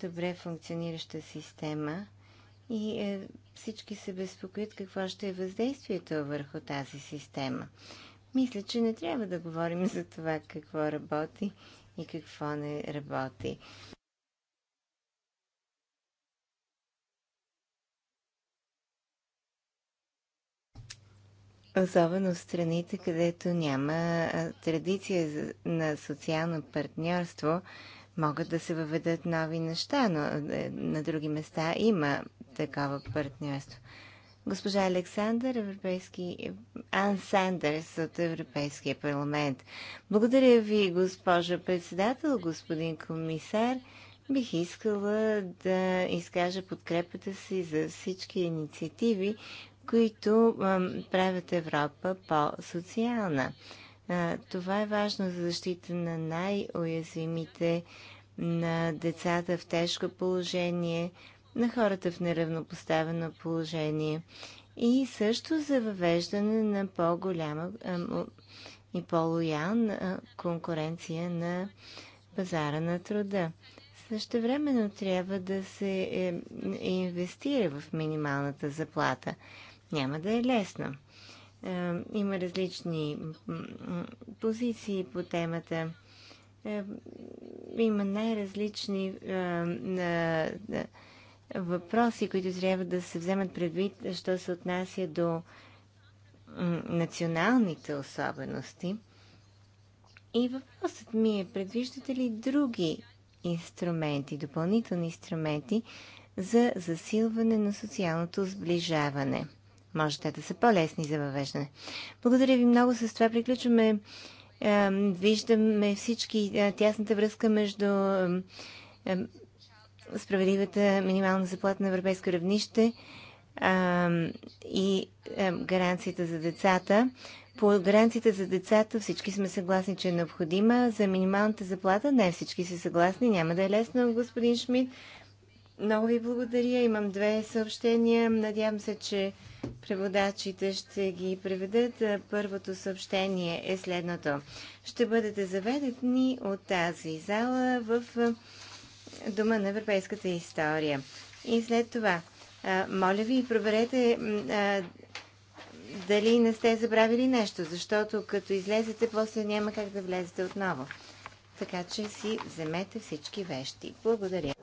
добре функционираща система и е, всички се безпокоят какво ще е въздействието върху тази система. Мисля, че не трябва да говорим за това какво работи и какво не работи. Особено в страните, където няма традиция на социално партньорство, могат да се въведат нови неща, но е, на други места има такова партньорство госпожа Александър, европейски... Ан Сандърс от Европейския парламент. Благодаря ви, госпожа председател, господин комисар. Бих искала да изкажа подкрепата си за всички инициативи, които правят Европа по-социална. това е важно за защита на най-уязвимите, на децата в тежко положение, на хората в неравнопоставено положение и също за въвеждане на по-голяма и по-лоялна конкуренция на пазара на труда. Също времено трябва да се е, инвестира в минималната заплата. Няма да е лесно. Има различни позиции по темата. Е, има най-различни въпроси, които трябва да се вземат предвид, що се отнася до националните особености. И въпросът ми е, предвиждате ли други инструменти, допълнителни инструменти за засилване на социалното сближаване? Може те да са по-лесни за въвеждане. Благодаря ви много. С това приключваме. Виждаме всички тясната връзка между справедливата минимална заплата на европейско равнище а, и а, гаранцията за децата. По гаранцията за децата всички сме съгласни, че е необходима. За минималната заплата не всички са съгласни. Няма да е лесно, господин Шмидт. Много ви благодаря. Имам две съобщения. Надявам се, че преводачите ще ги преведат. Първото съобщение е следното. Ще бъдете заведени от тази зала в дума на европейската история. И след това, а, моля ви, проверете а, дали не сте забравили нещо, защото като излезете, после няма как да влезете отново. Така че си вземете всички вещи. Благодаря.